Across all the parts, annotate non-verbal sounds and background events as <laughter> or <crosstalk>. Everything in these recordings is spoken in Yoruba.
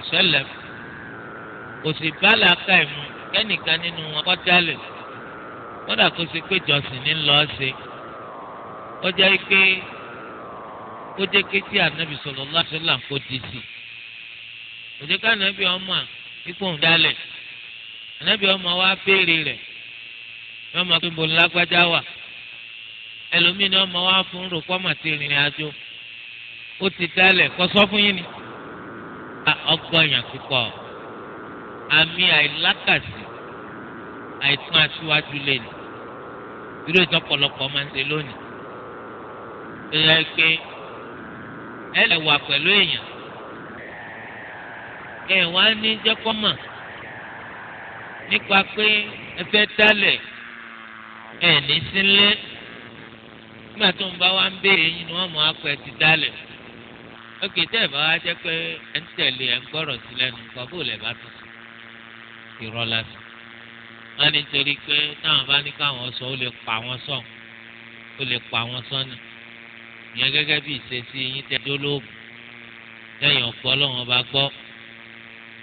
ìṣẹ̀lẹ̀ kò sì bá làákà ìmú kẹ́nìkan nínú wọn kọ́ jálè kódà kó ṣe pé jọ̀sìn ní lọ ṣe ó jẹ́ pé ó jẹ́ pé tí ànábì sallallahu alaihi wasallam kó di sí kò jẹ́ kánábì ọmọ ipò ń jálè ànábì ọmọ wa béèrè rẹ̀ yóò máa pín bolo lágbájá wà ẹlòmíì ni ọmọ wa fún rò pọ́mọ̀ tí ìrìn àjò ó ti dálẹ̀ kọ́ sọ fún yín ni ọgbọ̀nyàn púpọ̀ àmì àìlákàsí àìtún aṣíwájú lé ní irú ìtọ́pọ̀lọpọ̀ máa ń ṣe lónìí tó yẹ pé ẹ lè wà pẹ̀lú èèyàn ẹ wá ní jẹ́kọ́mọ̀ nípa pé ẹ fẹ́ dálẹ̀ ẹ ní sílẹ̀ nígbà tó ń bá wa ń béèrè yín ni wọ́n mọ̀ á pẹ́ ti dálẹ̀ ókè tẹ́ ẹ̀ bá wá jẹ́ pé ẹ̀ ń tẹ̀lé ẹ̀ ń gbọ́rọ̀ sí lẹ́nu nǹkan bó lẹ̀ bá tún sí irọ́ lásán wọ́n ní torí pé táwọn bá ní káwọn sọ ó lè pa wọn sàn ó lè pa wọn sàn ni ìyẹn gẹ́gẹ́ bí ìṣesí yín tẹ́ dó lóògùn lẹ́yìn ọ̀pọ̀ ọlọ́wọ́n bá gbọ́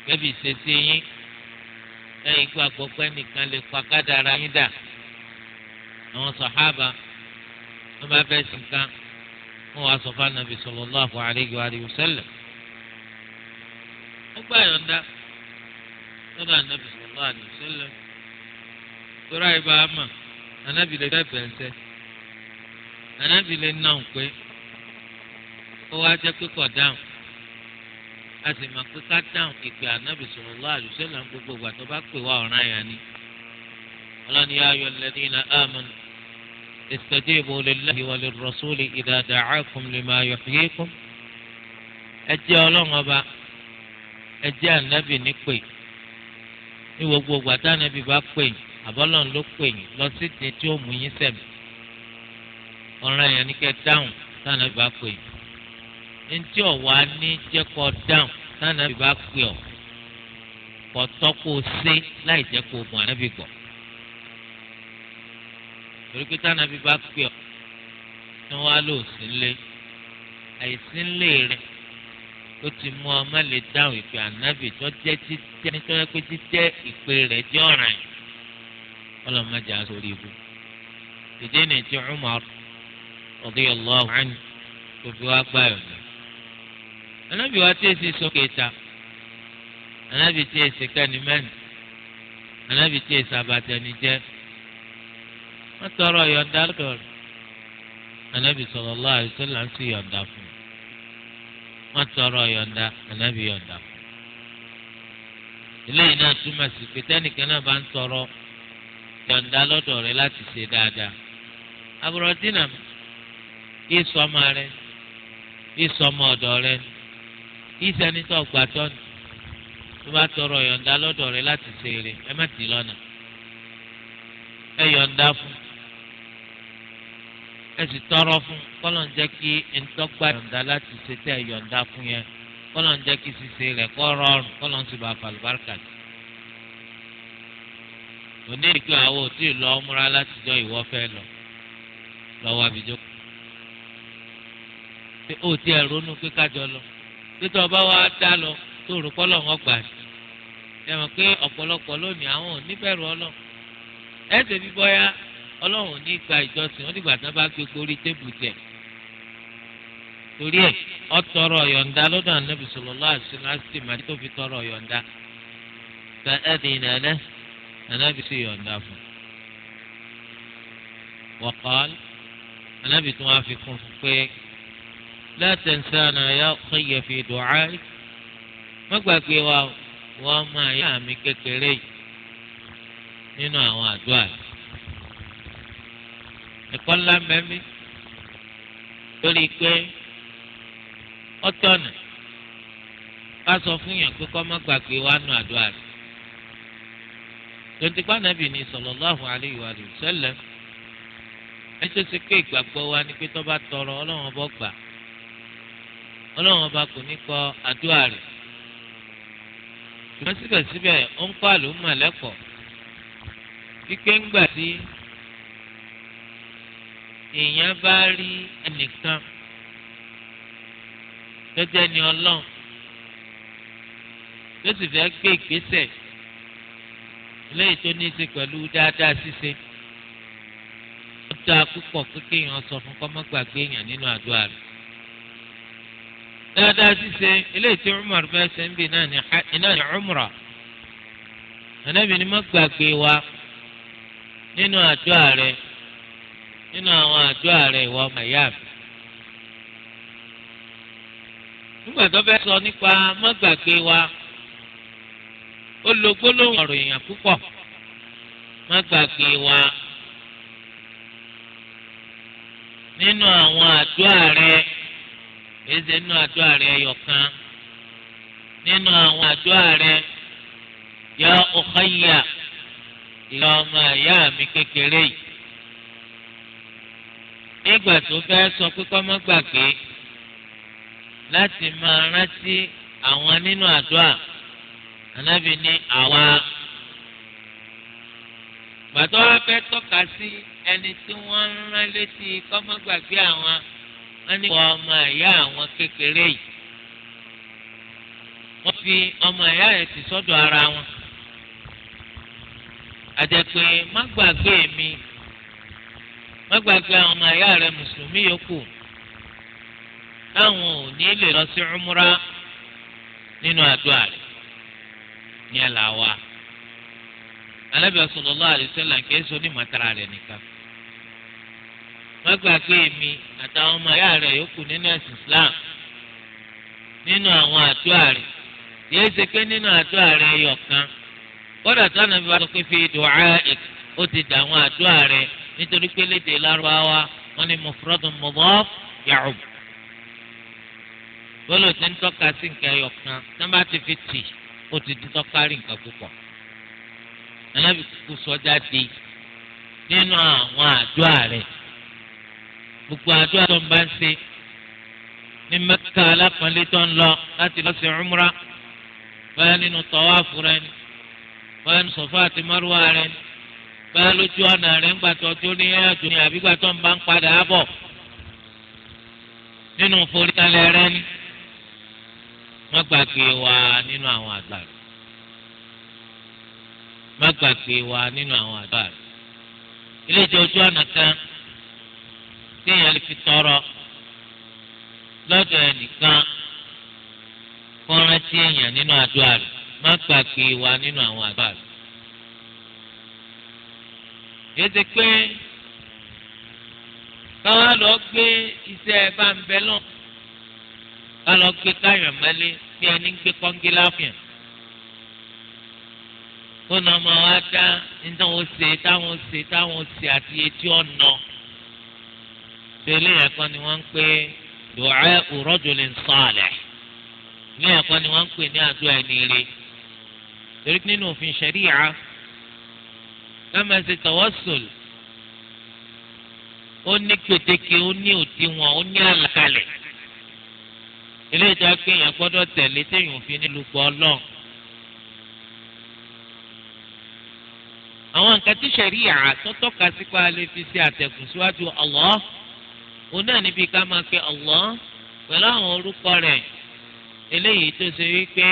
gẹ́gẹ́ bí ìṣesí yín lẹ́yìn ikú àgbọ̀pẹ́ nìkan lè pa kádàrá yín dà àwọn sàhábà wọ́n bá fẹ́ sìn wọn wá sọ fún anabi sallallahu alayhi wa sallam wọn gbà yọ̀ǹda lọ́dọ̀ anabi sallallahu alayhi wa sallam torí àyè bá a mà anabi lè dá bẹ̀rẹ̀ anabi lè nà ń pé ó wá jẹ́ pé kọ̀ dáhùn a sì máa pé ká dáhùn ìpè anabi sallallahu alayhi wa sallam gbogbo ìgbà bá pè wá ọ̀ràn yẹn ni ọlọ́ni yá ayọ̀ alladhina amanu. استجيبوا لله وللرسول إذا دعاكم لما يحييكم ẹjẹ Ọlọ́run ọba ẹjẹ ànábì ní pè ní gbogbo gbàtà ànábì bá pè yín àbọlọ́run ló pè yín lọ sí ìdí tí ó mú yín sẹmí ọ̀ràn yẹn ní kẹ́ dáhùn tànábì bá pè yín ntí ọwọ á ní jẹ́ kó dáhùn tànábì bá pè ọ kọtọ kó o sé láì jẹ́ kó o mọ ànábì gbọ́ torí pé táwọn àbí bá pè ọ́ ni wọ́n á lò sí ńlé àìsí ńlé rẹ̀ ó ti mú ọ má lè dáhùn ìpè ànábì tó jẹ́ títẹ́ nítorí pé títẹ́ ìpè rẹ̀ jẹ́ ọ̀ràn yìí ọlọ́mọdé àsórí ibu ìdí ni ti Umar radiyallahu anhu kò fi wá gbá yọ̀dọ̀ ànábì wa tẹ̀sí sókè ta ànábì tẹ̀sí kánimẹ́ni ànábì tẹ̀sí abatẹnijẹ́ wọ́n tọrọ yọ̀ǹda anabi sallallahu alaihi wasallam ń sì fún un wọ́n anabi yọ̀ǹda fún un eléyìí náà túmọ̀ sí pé tẹ́nìkan náà bá ń tọrọ yọ̀ǹda lọ́dọ̀ rẹ láti ṣe dáadáa àbúrò dínà yìí sọ ọmọ rẹ yìí sọ rẹ yìí sẹni tó bá tọrọ yọ̀ǹda lọ́dọ̀ rẹ láti ṣe eré ẹ má tì í ẹ yọ̀ǹda fún ẹ sì tọrọ fún kọ́lọ̀ ń jẹ́ kí ntọ́gba yọ̀ǹda láti ṣe tẹ́ yọ̀ǹda fún yẹn kọ́lọ̀ ń jẹ́ kí ṣíṣe rẹ̀ kọ́ rọrùn kọ́lọ̀ ń sì bá falùbáríkà sí. òní ìpè àwọn ò tí múra látijọ́ ìwọ fẹ́ lọ lọ́wọ́ àbíjókòó. ṣé o ti ẹ̀ ronú pé kájọ lọ títọ́ ọba wa dá lọ tó rò kọ́lọ̀ wọn gbà sí. ẹ mọ̀ pé ọ̀pọ̀lọpọ̀ lónìí àwọn ò níbẹ̀rù ọlọ́ ẹ̀ ṣèbí bọ́yá ọlọ́run ní gba ìjọsìn ó dìgbà tán bá gbé gorí tébù tẹ̀ torí ẹ̀ ó tọrọ ọ̀yọ̀ǹda lọ́dọ̀ ànábì sallallahu alaihi wasallam màdí tó fi tọrọ ọ̀yọ̀ǹda ta ẹ̀dín ìnáná ànábì sì yọ̀ǹda fún wa qala ànábì tó wá fi kún fún pé la tansana ya khayya fi du'aik má gbàgbé wa wọ́n máa yá àmì kékeré nínú àwọn àdúrà yìí ẹ̀kọ́ ńlá mẹ́mí lórí pé ọ̀tọ̀nà ká sọ fún yàn pé kọ́ má gbàgbé wa nù àdúrà rẹ̀ tontigba nàbì ni sallallahu alayhi wa sallam ẹ ṣe ṣe pé ìgbàgbọ́ wa ni pé tó bá tọrọ ọlọ́run ọba gbà ọlọ́run ọba kò ní kọ àdúrà rẹ̀ ṣùgbọ́n síbẹ̀síbẹ̀ ó ń kọ́ àlùmọ̀ lẹ́kọ̀ọ́ wípé ńgbà tí èèyàn bá rí ẹnìkan tó jẹ́ ni ọlọ́run tó sì fẹ́ gbé ìgbésẹ̀ léyìí tó ní í ṣe pẹ̀lú dáadáa ṣíṣe ó dáa púpọ̀ pé kéèyàn sọ fún kọ́mọ́gbàgbé èèyàn nínú àdúrà rẹ̀ dáadáa ṣíṣe eléyìí tí Umar fẹ́ ṣe ń bì náà ní Umra ànábì ni má gbàgbé wa nínú àdúrà rẹ̀ nínú àwọn àdúrà rẹ̀ ìwọ ọmọ ìyá mi. nígbà tó fẹ́ sọ nípa mọ́gbàgbé wa ó lo gbólóhùn ọ̀rọ̀ èèyàn púpọ̀ mọ́gbàgbé wa nínú àwọn àdúrà rẹ̀ èzè nínú àdúrà rẹ̀ ẹyọkan nínú àwọn àdúrà rẹ̀ yá ọ̀kọ́yà ìyá ọmọ ìyá mi kékeré yìí nígbà tó fẹ́ sọ pé kọ́ mọ́ gbàgbé láti máa rántí àwọn nínú àdúrà ànábì ní àwa gbàtọ́ wa fẹ́ tọ́ka sí ẹni tí wọ́n ń rán létí kọ́ mọ́ gbàgbé àwọn wọ́n ní wọ́n ọmọ ìyá àwọn kékeré yìí wọ́n fi ọmọ ìyá rẹ̀ ti sọ́dọ̀ ara wọn àjẹpẹ́ má gbàgbé mi. wọ́n gbàgbé àwọn ọmọ ẹ̀yà rẹ̀ mùsùlùmí yòókù táwọn ò ní lè lọ sí umra nínú àdúrà rẹ̀ ní ẹ̀là wa alábẹ́ sallallahu alaihi ní màtàrà rẹ̀ nìkan wọ́n àtàwọn ọmọ rẹ̀ yòókù nínú ẹ̀sìn Islam nínú àwọn àdúrà rẹ̀ yéé ṣe pé nínú àdúrà rẹ̀ yọ̀kan kódà tó ànàbí wa sọ pé fi du'a ó ti dà àwọn àdúrà rẹ̀ nítorí pé lédè lárúbáwá wọn ni mufradun mudaf ya'um bọ́lọ̀ tí ń tọ́ka sí nǹkan ẹyọ kan tí wọ́n bá ti fi tì ó ti di tọ́kárì nǹkan púpọ̀ anábì kúkú sọ jáde nínú àwọn àdúrà rẹ̀ gbogbo àdúrà tó ń bá ń ṣe ní mẹ́kà alápọ̀nlé tó ń lọ láti lọ sí umra báyà nínú tọ́wáfù rẹ̀ ni báyà nínú sọ̀fà àti márùwà rẹ̀ ni báyà lójú ọ̀nà rẹ̀ ń gbàtọ̀ tó ní ẹ̀yàtò ní àbígbàtọ̀ ń bá ń padà bọ̀ nínú foríkalẹ̀ rẹ̀ ni má gbàgbé wa nínú àwọn àgbà rẹ̀ má gbàgbé wa nínú àwọn àgbà rẹ̀ ilé ìjọ ojú ọ̀nà kan téèyàn lè fi tọrọ lọ́dọ̀ ẹnìkan kọ́ńtà tí nínú àdúrà rẹ̀ má gbàgbé wa nínú àwọn àgbà rẹ̀ yéte pé káwọn lọ gbé iṣẹ́ báńbẹ́ lọ ká lọ gbé káyọ̀ mẹ́lẹ́ bí ẹni gbé kọ́ńgí láfíà kó nà ọmọ wa dá nítorí wọn ṣe táwọn ṣe táwọn ṣe àti etí ọ̀nà tẹ́lẹ̀ ẹ̀kọ́ ni wọ́n ń pè du'a'u rajulin salih ilé ẹ̀kọ́ ni wọ́n ń pè ní àdúrà ẹni rè torí nínú òfin ṣẹ̀ríyà ká máa ṣe tawassul ó ní gbèdéke ó ní òdiwọ̀n ó ní àlàkalẹ̀ ilé ìjà pé èèyàn gbọ́dọ̀ tẹ̀lé téèyàn ò fi nílùú gbọ́ ọlọ́run. àwọn nǹkan tí sẹ̀ríyà àtọ́tọ́ka sípa lè fi ṣe àtẹ̀kùn síwájú Allah òun náà níbi ká máa pe Allah pẹ̀lú àwọn orúkọ rẹ̀ eléyìí tó ṣe wípé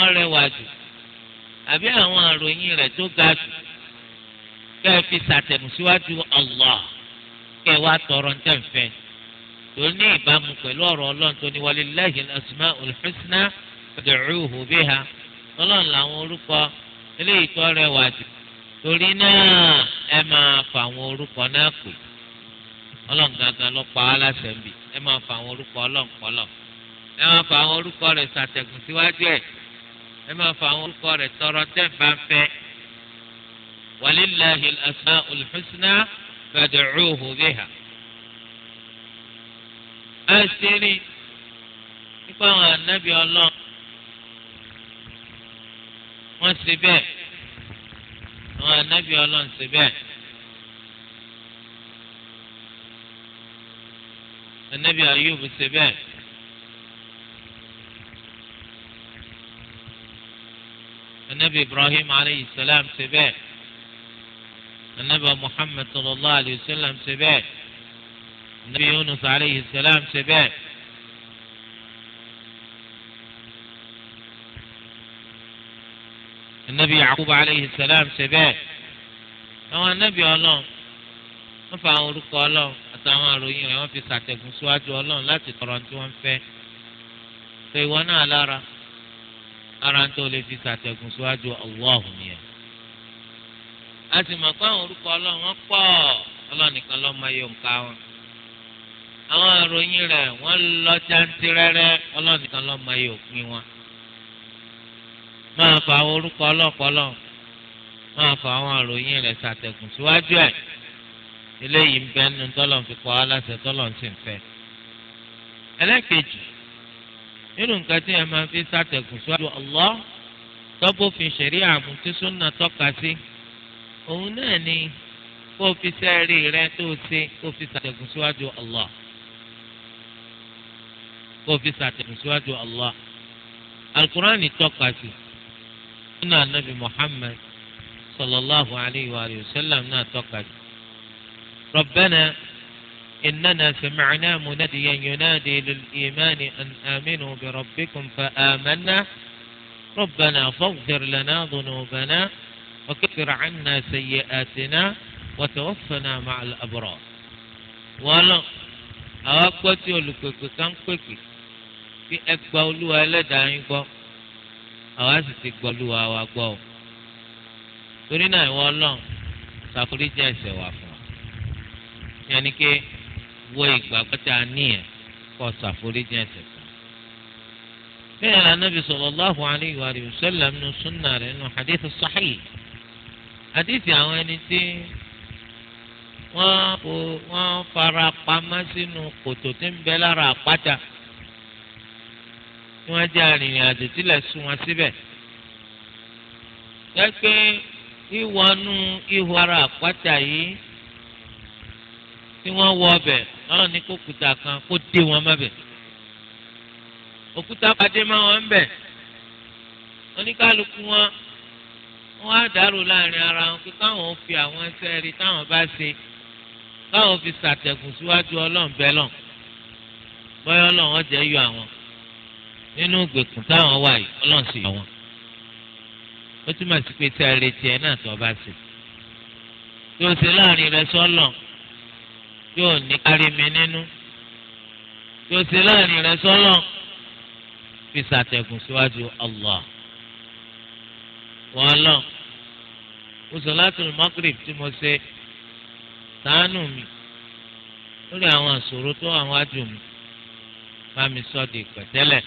ó rẹwà jù àbí àwọn àròyìn rẹ̀ tó ga jù kẹ́ ẹ fi sàtẹ̀mù síwájú Allah kẹ́ ẹ wá tọrọ ní tẹ̀fẹ́ tó ní ìbámu pẹ̀lú ọ̀rọ̀ ọlọ́run tó ní walillahil asmaul husna fad'uhu biha ọlọ́run làwọn orúkọ eléyìí tó rẹwà jù torí náà ẹ máa fà àwọn orúkọ náà pè ọlọ́run gangan ló pa á láṣẹ bì ẹ máa fà àwọn orúkọ ọlọ́run pọ̀lọ̀ ẹ máa fà àwọn orúkọ rẹ̀ sàtẹ̀gùn síwájú ẹ̀ ẹ máa fà àwọn orúkọ rẹ̀ tọrọ tẹ̀ bá ولله الأسماء الحسنى فادعوه بها أسيري يقول النبي الله ما سبيه النبي الله سبيه النبي أيوب سبيه النبي إبراهيم عليه السلام سبيه النبي محمد صلى الله عليه وسلم سباع النبي يونس عليه السلام سباع النبي يعقوب عليه السلام سباع àwọn anábì ọlọ́run wọ́n fa àwọn orúkọ ọlọ́run àtàwọn àròyìn rẹ̀ wọ́n fi ṣàtẹ̀gùn síwájú ọlọ́run láti tọrọ tí wọ́n fẹ́ pé ìwọ náà lára ara tó lè fi ṣàtẹ̀gùn síwájú ọlọ́run yẹn. a sì mọ̀ pé àwọn orúkọ ọlọ́run wọn pọ̀ ọlọ́run nìkan ló mọ iye òǹkà wọn àwọn àròyìn rẹ̀ wọ́n lọ jantirẹ́rẹ́ ọlọ́run nìkan ló mọ iye òpin wọn máa fa àwọn orúkọ ọlọ́pọlọ máa fa àwọn àròyìn rẹ̀ ṣàtẹ̀kùn síwájú ẹ̀ eléyìí ń bẹ nínú tọ́lọ̀ fi pa á láṣẹ sì ń fẹ́. ẹlẹ́kejì nínú nǹkan tí ẹ máa fi ṣàtẹ̀kùn síwájú Allah tọ́bọ̀fin ṣẹ̀rí àmú tí súnà tọ́ka sí. Si òun náà ni kó o fi sẹ́ẹ̀rí rẹ tó o ṣe kó o fi sàtẹ̀kùn síwájú Allah kó o fi sàtẹ̀kùn síwájú Allah alukur'ani tọ́ka sí nínú anabi muhammed sallallahu alayhi wa sallam náà tọ́ka sí rabbana. إننا سمعنا مناديا ينادي للإيمان أن آمنوا بربكم فآمنا ربنا فاغفر لنا ذنوبنا وكفر عنا سيئاتنا وتوفنا مع الأبرار ولا أقوتي ولكوكو كان كوكي في أقبلوا لدعيكم àwa sì ti gbọ́ lù wá wa gbọ́ o torí náà ìwọ ọlọ́run ṣàforíjì ẹ̀ṣẹ̀ wa fún wa yẹn ni pé wo ìgbàgbọ́ tá a ní ẹ̀ kọ́ ṣàforíjì ẹ̀ṣẹ̀ fún wa. bẹ́ẹ̀ ni anábì sallallahu alayhi wa sallam nínú súnà rẹ̀ nínú hadith sahih àdìsí àwọn ẹni tí wọ́n wọ́n fara pamọ́ sínú kòtò tí ń bẹ lára àpáta tí wọ́n jẹ́ arìnrìn àjò tílẹ̀ sún wọn síbẹ̀. jẹ́ pé wíwọnú ihò ara àpáta yìí tí wọ́n wọ ọbẹ̀ náà ní kókùtà kan kó dé wọn mọ́bẹ̀. òkúta pàdé máa wọn ń bẹ̀ oníkálukú wọn wọ́n á dàrú láàrin ara wọn pé káwọn fi àwọn ẹsẹ̀ rí táwọn bá ṣe káwọn fi ṣàtẹ̀gùn síwájú ọlọ́run bẹ́ẹ̀ lọ bọ́yọ́ ọlọ́run jẹ́ yọ àwọn nínú ìgbèkùn táwọn wà yìí ọlọ́run sì yọ wọn ó túmọ̀ sí pé tí a retí ẹ náà tó bá ṣe tí o ṣe láàrin rẹ sọ́lọ̀ yóò ní kárí mi nínú tí o ṣe láàrin rẹ sọ́lọ̀ fi ṣàtẹ̀gùn síwájú Allah wọn lọ́n mo sọ láti rìn magrib tí mo ṣe ṣàánú mi lórí àwọn àṣòro tó àwọn àjò mi bá mi sọ di pẹ̀tẹ́lẹ̀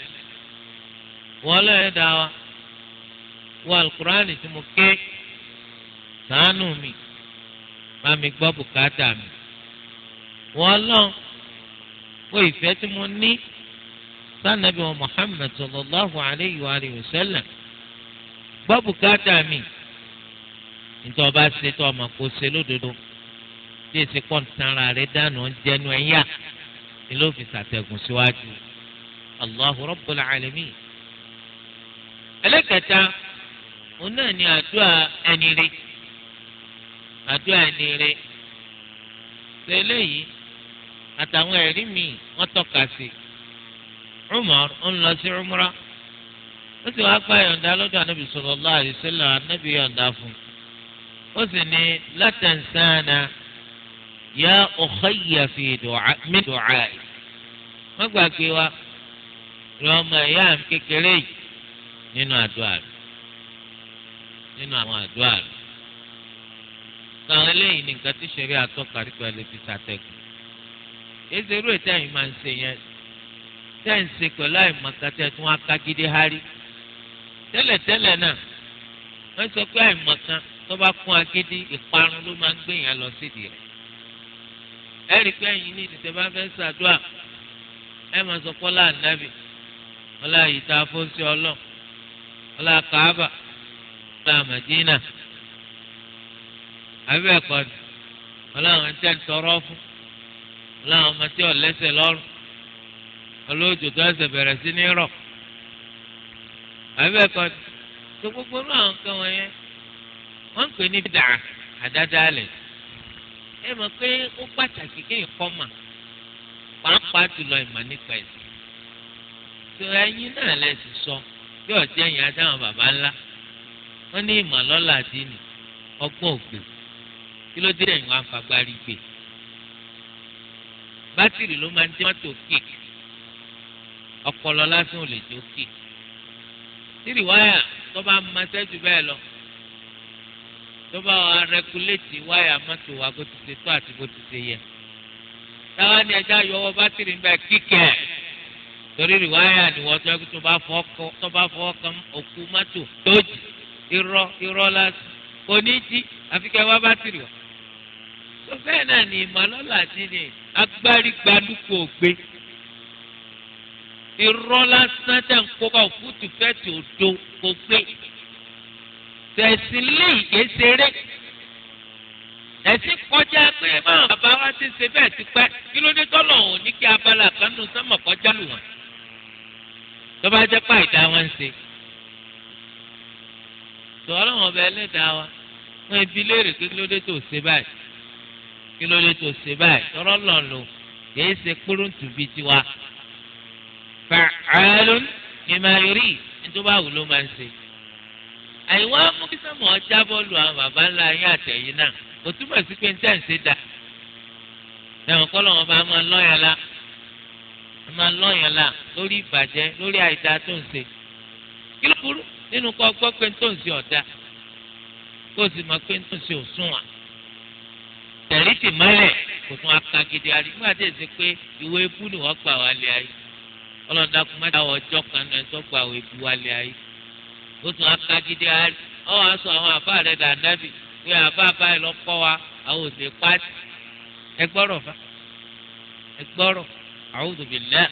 wọ́n lọ́yẹ̀ dá wa wọ alukurani tí mo ké ṣàánú mi bá mi gbọ́ bùkátà mi wọ́n lọ́n wo ìfẹ́ tí mo ní sanabi wa Muhammad sallallahu alayhi wa sallam gbọ́ bùkátà mi nítorí ọba ṣe tó ọmọ kò ṣe lódodo tí èsì pọ̀ntanra rẹ̀ dànù jẹnu ẹ̀yà ni ló fi ṣàtẹ̀gùn síwájú allahu rabbul alamin. ẹlẹ́kẹta òun náà ni àdúrà ẹni rí àdúrà ẹni rí ṣe eléyìí àtàwọn ẹ̀rí mi wọ́n tọ́ka sí Umar ń lọ sí umra ó sì wá gbà yọ̀ǹda lọ́dọ̀ anábì sallallahu alaihi anábì yọ̀ǹda fún un ó sì ní látàǹsáàna yá ukhayya fi mi du'a wọ́n gbàgbé wa rẹ ọmọ ìyá mi kékeré yìí nínú àdúrà rẹ nínú àwọn àdúrà rẹ kàwọn eléyìí ní nǹkan tí sẹ́rí àtọ́ka nípa ẹlẹ́ fi ṣàtẹ̀kùn èsì irú ètò ẹ̀yìn máa ń ṣe yẹn tẹ́ ń ṣe pẹ̀lú àìmọ̀kan tẹ́ tún wá ká gidi hárí tẹ́lẹ̀tẹ́lẹ̀ náà wọ́n sọ pé àìmọ̀kan tó bá kún agídí ìparun ló máa ń gbé yẹn lọ sídìí rẹ̀ ẹ̀rí pé ẹ̀yin ní ìdìtẹ̀ bá fẹ́ ṣàdúrà ẹ̀ máa sọ kọ́lá ànábì ọlá ìta fọ́sí ọlọ́ ọlá kàábà ọlá màdínà àbí ẹ̀kọ́ ni ọlá àwọn tẹ̀ ń tọrọ fún ọlá àwọn ọmọ tí ò lẹ́sẹ̀ lọ́rùn ọlọ́jọ́ tó ẹsẹ̀ bẹ̀rẹ̀ sí ní rọ̀ àbí ni gbogbo náà nǹkan wọ̀nyẹn wọ́n ń pè ní bídà àdádálẹ̀ ẹ mọ̀ pé ó pàtàkì kéèyàn kọ́ mà pàápàá jùlọ ìmọ̀ nípa ẹ̀sìn tó ẹ̀yin náà lẹ́sìn sọ bí ọ̀jẹ̀ yẹn adáwọn bàbá ńlá wọ́n ní ìmọ̀ lọ́la dínì ọgbọ́n ògbè kí ló dé ẹ̀yìn wọn afagbárí gbè bátìrì ló máa ń dé mọ́tò kéèkì ọpọlọ lásán ò lè jó kéèkì tírì wáyà tó bá máa ṣẹ́jú bẹ́ẹ̀ lọ tó bá wa rẹkuléètì wáyà mọ́tò wa bó ti ṣe tó àti bó ti ṣe yẹ. táwa ni ẹja yọwọ́ bátìrì nígbà kíkẹ́ torí rí wáyà níwọ̀ tó yẹ tó bá fọ́ kan òkú mọ́tò tó jì irọ́ irọ́ lásì kò ní jí àfi wá bátìrì wọ̀. tó bẹ́ẹ̀ náà ni ìmọ̀lọ́lá ti ní agbárí gbalúkọ̀ ògbé irọ́ lásán tẹ̀ ń kó bá òfútù fẹ́ẹ̀tì kò gbé sẹ̀sìn léyìí kìí ṣeré ẹ̀sìn kọjá pé máa bàbá wa ti ṣe bẹ́ẹ̀ ti pẹ́ kí ló dé tọ́lọ̀ òun ní kí abala kan nù sọ́mọ̀ kọjá lù wọ́n tó bá jẹ́ pà ìdá wọn ṣe tó ọlọ́wọ́n bẹ ẹlẹ́dàá wa wọ́n ibi léèrè pé kí ló dé tó ṣe báyìí kí ló dé tó ṣe báyìí tọ́rọ́ lọ́n lò kìí ṣe kúrúǹtù bíi tiwa fa'alun lima yuri ní tó bá wù ló máa ń ṣe àìwá mú kí sọmọ ọjà bọ́ọ̀lù àwọn bàbá ńlá yín àtẹ̀yìn náà kò túmọ̀ sí pé níta ṣe dà ẹ̀wọ̀n kọ́ lọ́wọ́ bá máa lọ́yàn la máa lọ́yàn la lórí ìbàjẹ́ lórí àìdá tó ń ṣe kí ló burú nínú kọ́ gbọ́ pé tó ń ṣe ọ̀dà kó o sì mọ̀ pé tó ń ṣe òṣùwọ̀n tẹ̀lé tì mọ́lẹ̀ kò tún akagidi àdìgbò àti èsì pé ìwé ebú ni wọ́n gbà wálé ayé ọlọ́dà kò ọjọ́ kan náà tó gbà wọ́n ebú wálé ayé ó tún akágídé ayé ọ wàá sọ àwọn àfa rẹ dànàbì pé àfa báyìí lọ kọ́ wa àwọn òsè pàṣẹ ẹ gbọ́rọ̀ fa ẹ gbọ́rọ̀ a'udhu billah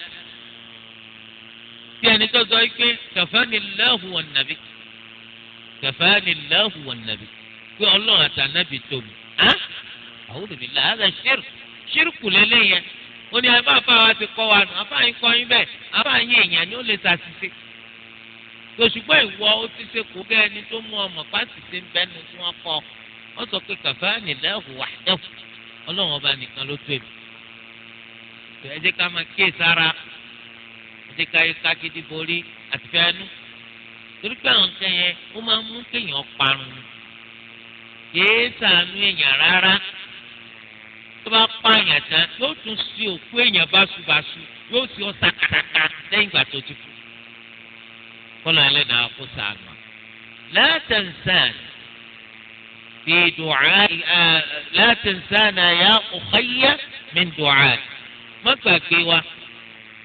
bí ẹni tó sọ pé kafani Allahu wan nabi kafani Allahu wan nabi pé ọlọ́run àtànàbì tóbi á a'udhu billah hada shirk ṣírùkù lélẹ́yẹn ó ní àbáfáwa ti kọ́ wa nù àbáyín kọ́ yín bẹ́ẹ̀ àbáyín èèyàn ni ó lè ṣàṣìṣe tòṣùgbọ́n ìwọ ó ti ṣe kó bẹ́ẹ̀ ni tó mú ọmọ pàṣẹ ṣe ń bẹ́nu tí wọ́n kọ́ wọ́n sọ pé kàfá nílẹ̀ wà dẹ́kù ọlọ́run ọba nìkan ló tó èmi. ẹ jẹ́ ká máa kíyè sára ẹ jẹ́ ká yẹ ká gidi borí àti fẹ́ ẹnu. torí pé àwọn nǹkan yẹn ó máa ń mú kéèyàn parun kìí sàánú èèyàn rárá tó bá pààyàn tán yóò tún sí òkú èèyàn báṣubàṣu yóò sì ọ́ sàkàtàkà lẹ́yìn ìgbà tó ti kú. kọ́lọ́ لنا kó sànù. لا تنسان في دعاء لا تنسانا يا أخي من دعاء ما فاكيوا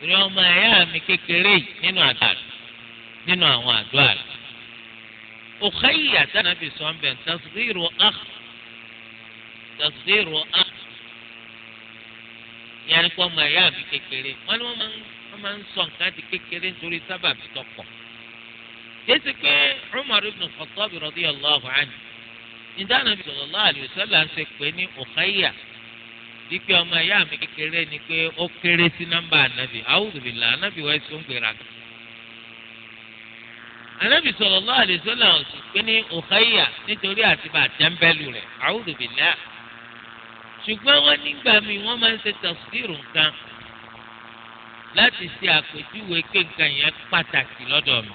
اليوم يا مكيكري نينو أدار نينو أهو أخي تنبي سوان بين تصغير أخ تصغير أخ يعني كما يا مكيكري ما ما نسوان كانت كيكري نتوري سبب تقوم yéésì pé Umar ibn Khattab radiyallahu anhu níta Nabi sallallahu alayhi wa sallam ṣe pé ní Ukhayya wípé ọmọ ìyá mi kékeré ni pé ó kéré sí nọ́mbà ànábì a'udhu billahi ànábì wáyé tó ń gbéra kan. ànábì sallallahu alayhi wa sallam ṣe pé ní Ukhayya nítorí àtibá àtẹ́ńbẹ́lù rẹ̀ a'udhu ṣùgbọ́n wọ́n nígbà míì wọ́n máa ń ṣe tafsiru nǹkan láti ṣe àpèjúwe pé nǹkan yẹn pàtàkì lọ́dọ̀ mi.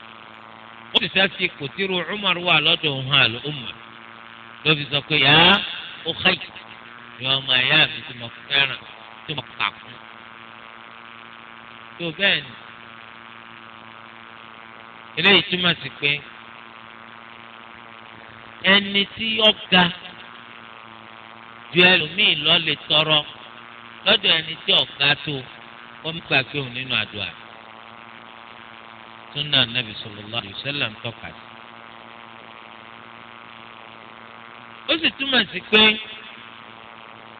ó sì fẹ́ fi kòtìrú Umar wà lọ́dọ̀ òun àlọ́ ọmọ ló fi sọ pé yá ó xẹ́yì ni ọmọ ẹ̀yà mi tí mo fẹ́ràn tí mo kà tó bẹ́ẹ̀ ni eléyìí túmọ̀ sí pé ẹni tí ó ju ẹlòmíì lọ lè tọrọ lọ́dọ̀ ẹni tí ó tó kọ́ mi gbà òun nínú àdúrà súnà nàbì sallallahu alayhi wasallam ń tọ́ka sí. ó sì túmọ̀ sí pé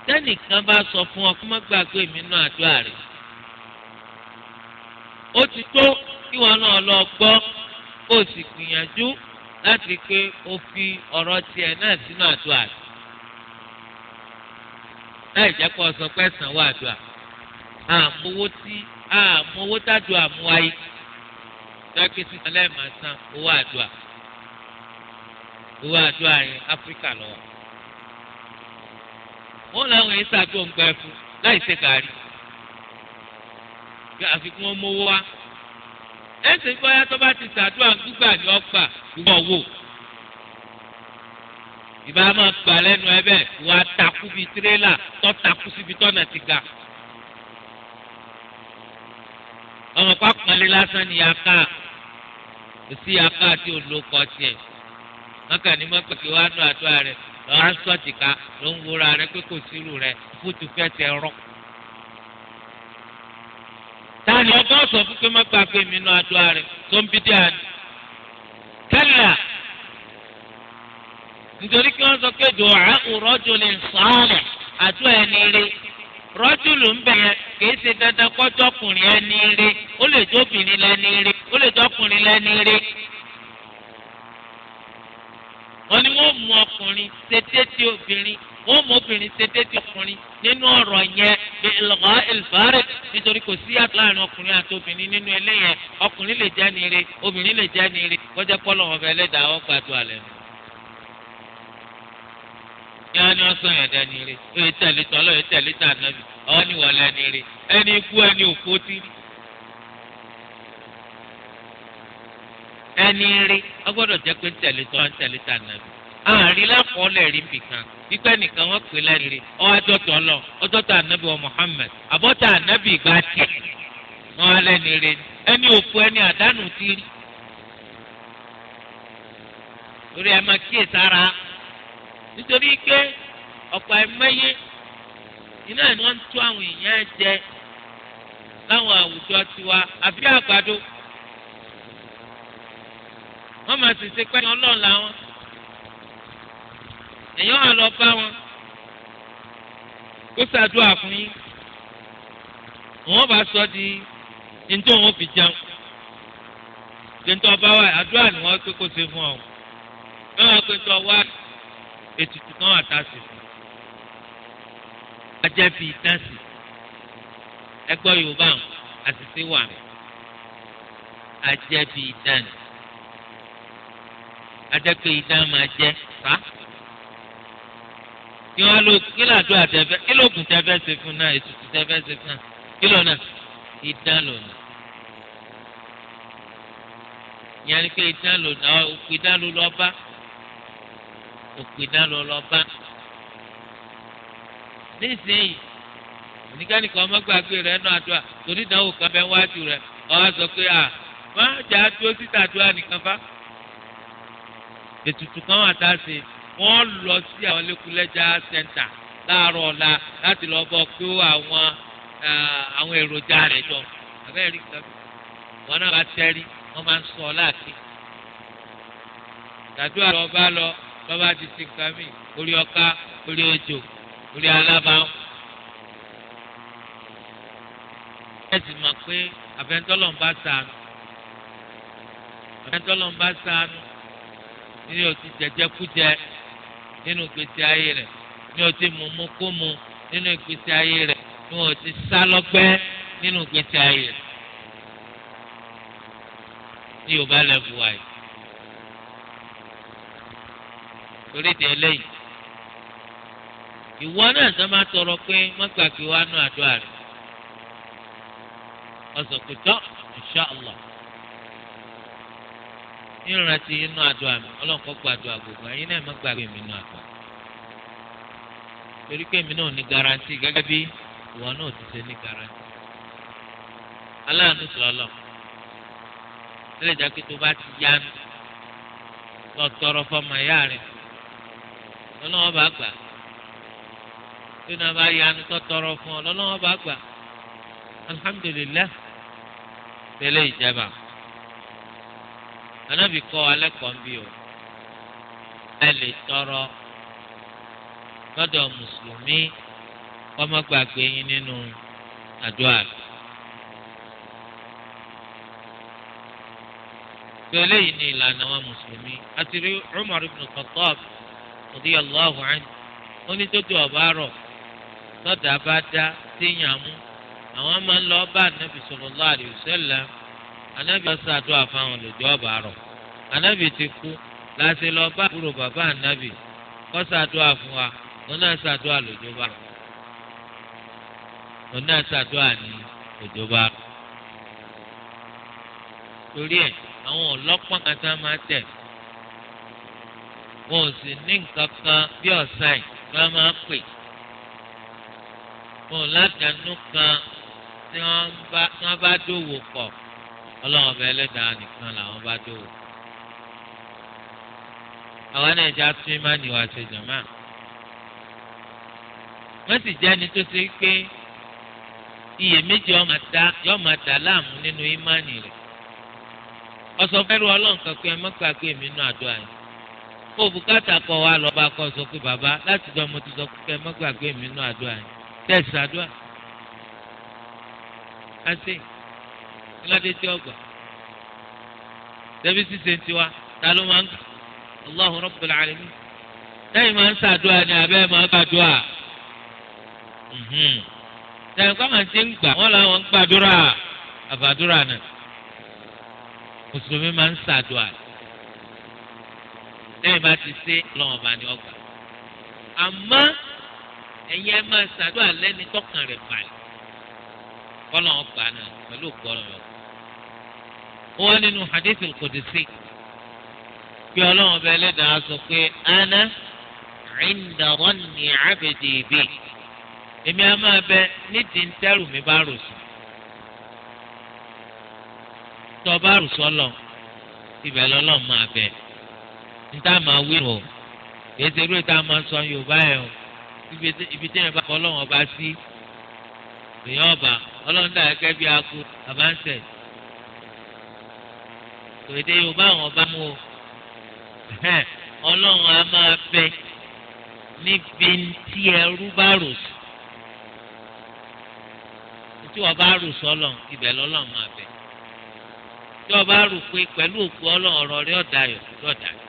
tẹ́nìkan bá sọ fún ọ kó má gbàgbé mi nú àdúrà rẹ̀ ó ti tó kí wọn náà lọ gbọ́ kó o sì gbìyànjú láti pé o fi ọ̀rọ̀ tiẹ̀ náà sínú àdúrà rẹ̀ láì jẹ́ kó o sọ pé ẹ̀sán wà àdúrà àmówó tí àmówó tádùn àmúwáyé dákẹ́ sísan lẹ́ẹ̀mọ́ san owó àdúrà owó àdúrà yẹn áfíríkà lọ. wọ́n láwọn èyí sàdúrà ń gba ẹ̀fú láì ṣe gàrí àfikún wọn mówó wá ẹsẹ̀ bóyá tó bá ti sàdúrà gbígbà ní ọgbà ìwọ wò ìbá máa gbà lẹ́nu ẹ bẹ́ẹ̀ wà á takú bíi tirẹ́là tó takú síbi tọ́nà ti ga. ọmọ pápánlé lásán ni yaka kò sí yaka àti olùkọ tiẹ̀ mọ́kà ní mọ́kà kí wàá nù àdúrà rẹ̀ lọ́wọ́ á sọ tìka ló ń wúra pé kò rọ. ọgbọ́n sọ fún pé mi nù ni. nítorí kí wọ́n sọ pé dùn rọ́jùlù ń bẹ̀rẹ̀ kìí ṣe dandan kọjọ́ ọkùnrin ẹni rí ó lè jẹ́ obìnrin lẹ́ni rí ó lè jẹ́ ọkùnrin lẹ́ni rí. wọ́n ní wọ́n mú ọkùnrin ṣeté tí obìnrin wọ́n mú obìnrin ṣeté tí ọkùnrin nínú ọ̀rọ̀ yẹn bí ìlọ́gọ́ ìlbárẹ̀ nítorí kò sí yàtọ̀ láàrin ọkùnrin àti obìnrin nínú ẹlẹ́yẹn ọkùnrin lè jẹ́ ni rí obìnrin lè jẹ́ ni rí kọjá pọ́lọ́ ọ̀bẹ ẹlẹ́dàá ọgbàdo yàrá ni wọn sọ dání rí ẹ tẹ̀lé tọ́lọ́ ẹ tẹ̀lé tà nàbì ọ́ ní wọlé ẹni rí ẹni ikú ẹni òkú ti rí. ẹni rí ọgbọ́dọ̀ jẹ́ pé ń tẹ̀lé ń tẹ̀lé tà nàbì. àárín lákọọ́lẹ̀ rí nìkan pípẹ́ nìkan wọ́n pè lẹ́ni rí lọ nítorí pé ọ̀pọ̀ ẹ̀mẹ́yẹ iná ni wọ́n ń tó àwọn èèyàn jẹ láwọn àwùjọ tiwa àbí àgbàdo wọ́n máa sì ṣe pẹ́ẹ́ni ọlọ́run làwọn èèyàn wà lọ bá wọn kó ṣàdúrà fún yín wọ́n bá sọ di ntọ́ wọn fi jẹun gbẹ̀ntọ́ bá wà àdúrà ni wọ́n pé kó ṣe fún ọ wọ́n wá wá ètùtù kan wà tá a sì fún ajẹ́ fi ìtàn sí ẹgbọ́ yorùbá àṣìṣe wà mí ajẹ́ fi ìtàn ajẹ́ pé ìtàn máa jẹ́ ká kí wọ́n lò kí làdó àtẹ̀fẹ́ kí lóògùn tẹ́fẹ́ ṣe fún náà ètùtù tẹ́fẹ́ ṣe fún náà kí lọ́nà ìdán lọ́nà ìyẹn ni pé ìdán lọ́nà ìdán lọ́nà ọba. òpìdán lọ lọ bá nísìnyí oníkanìkan gbàgbé rẹ náà àdúrà torí ìdánwò kan bẹ wájú rẹ ọwọ sọ pé à má jà á dúró síta àdúrà nìkan bá ètùtù kan wà tá a wọ́n lọ sí àwọn lẹkùlẹjà sẹńtà lọ bọ kó àwọn àwọn èròjà jọ abẹ́rẹ́ rí wọn náà bá tẹ́rí máa ń sọ láàkì lọ bàbá ti sin kàmí orí ọká orí ejò orí alábà. ẹ sì mọ̀ pé àfẹ́ńtọ́lọ̀ ń bá sànù àfẹ́ńtọ́lọ̀ ń bá sànù ní o ti jẹjẹ kújẹ nínú ìgbésí ayé rẹ̀ ní o ti mú mú kó mu nínú ìgbésí ayé rẹ̀ ní o ti nínú ìgbésí ayé rẹ̀ ní Yorùbá lẹ́bùn wáyé. torí di eléyìí ìwọ náà sọ ma tọrọ pé wọn gbà kí wọn nú àdúrà rẹ ọsọ kò tọ inṣàlá ìrántí inú àdúrà mi ọlọ́run kọ́ gbàdúrà gbogbo ẹ̀yin náà má gbàgbé mi inú àdúrà torí pé èmi náà ní garanti gẹ́gẹ́ bí ìwọ náà ti ṣe ní garanti aláàánú sọlọ tẹ́lẹ̀ jákè tó bá ti yá lọ tọrọ fọmọ ẹ̀yà rẹ̀ lọ́lọ́wọ́ bá gbà tó náà bá yanu tó tọrọ fún ọ lọ́lọ́wọ́ bá gbà alhamdulillah tẹ́lẹ̀ ìjẹba anábì kọ́ alẹ́ kan bí o ẹ lè tọrọ lọ́dọ̀ mùsùlùmí kọ́mọ́gbàgbé yín nínú àdúrà rẹ̀. yìí ni ìlànà àwọn mùsùlùmí àti rí Umar ibn Khattab radiyallahu anhu onítótó ọ̀bá rọ̀ tọ́dà bá dá téèyàn mú àwọn máa ń lọ bá ànábì sallallahu alaihi wasallam ànábì ọ̀sán àdó àfahàn lòdì ọ̀bá rọ̀ ànábì ti kú láti lọ bá àbúrò bàbá ànábì kọ́ sàdúà fún wa òun náà sàdúà lòdì ọ̀bá rọ̀ òun náà sàdúà ní lòdì ọ̀bá rọ̀ torí ẹ̀ àwọn ọlọ́pàá kan tá máa tẹ̀ wọn ò sì ní nǹkan kan bí ọ̀sán tí wọ́n máa ń pè wọn ò ládàánú kan tí wọ́n bá dòwò pọ̀ ọlọ́run ọba ẹlẹ́dàá nìkan làwọn bá dòwò. àwọn náà já tún ìmánì wa ṣe jàmá. wọ́n sì jẹ́ ẹni tó ṣe pé iyèméjì yọ máa dà láàmú nínú ìmánì rẹ̀. ọ̀sọ̀ fẹ́rù ọlọ́run kan pé ẹ mọ́kàgbé mi nù àdúrà yìí ó bukata kọ wa lọ bá kọ sọ pé bàbá láti jọ mo ti sọ pé má mi nínú àdúrà yìí tẹ̀sí ọgbà sísè tiwa ta ló máa ń Allahu máa ń ni abẹ́ máa ń gbàdúrà mhm. tẹ̀yìn kọ́ máa ń ṣe ń gbà wọ́n mùsùlùmí máa ń tẹ́yìn bá ti ṣe lọ́wọ́ bá ní ọgbà. àmọ́ ẹ̀yin ẹ máa ṣàdúrà lẹ́ni tọkàn rẹ̀ balẹ̀ kọ́lọ̀ ọgbà náà pẹ̀lú ògbọ́lọ̀ rẹ̀. ó wá nínú hadith al-Qudsi pé ọlọ́run ọba ẹlẹ́dàá sọ pé ana inda dhanni abdi bi èmi á máa bẹ nídìí ń tẹ́rù mi bá rò sùn tọ́ bá rò sọ́lọ̀ ibẹ̀ lọ́lọ́ máa bẹ̀ẹ́ níta máa wí o èsì eré tá a máa sọ yorùbá yẹn o ibi téèyàn bá kọ ọlọ́run ọba sí èèyàn ọba ọlọ́run dà gẹ́gẹ́ bí akú àbáńsẹ̀ tò èdè yorùbá àwọn ọba mú o ọlọ́run a máa bẹ níbi tí ẹrú bá rò sí tí wọ́n bá rò sọlọ ibẹ̀ lọ́lọ́run máa bẹ tí wọ́n bá rò pé pẹ̀lú òkú ọlọ́run ọ̀rọ̀ rẹ̀ ọdayọ lọdayọ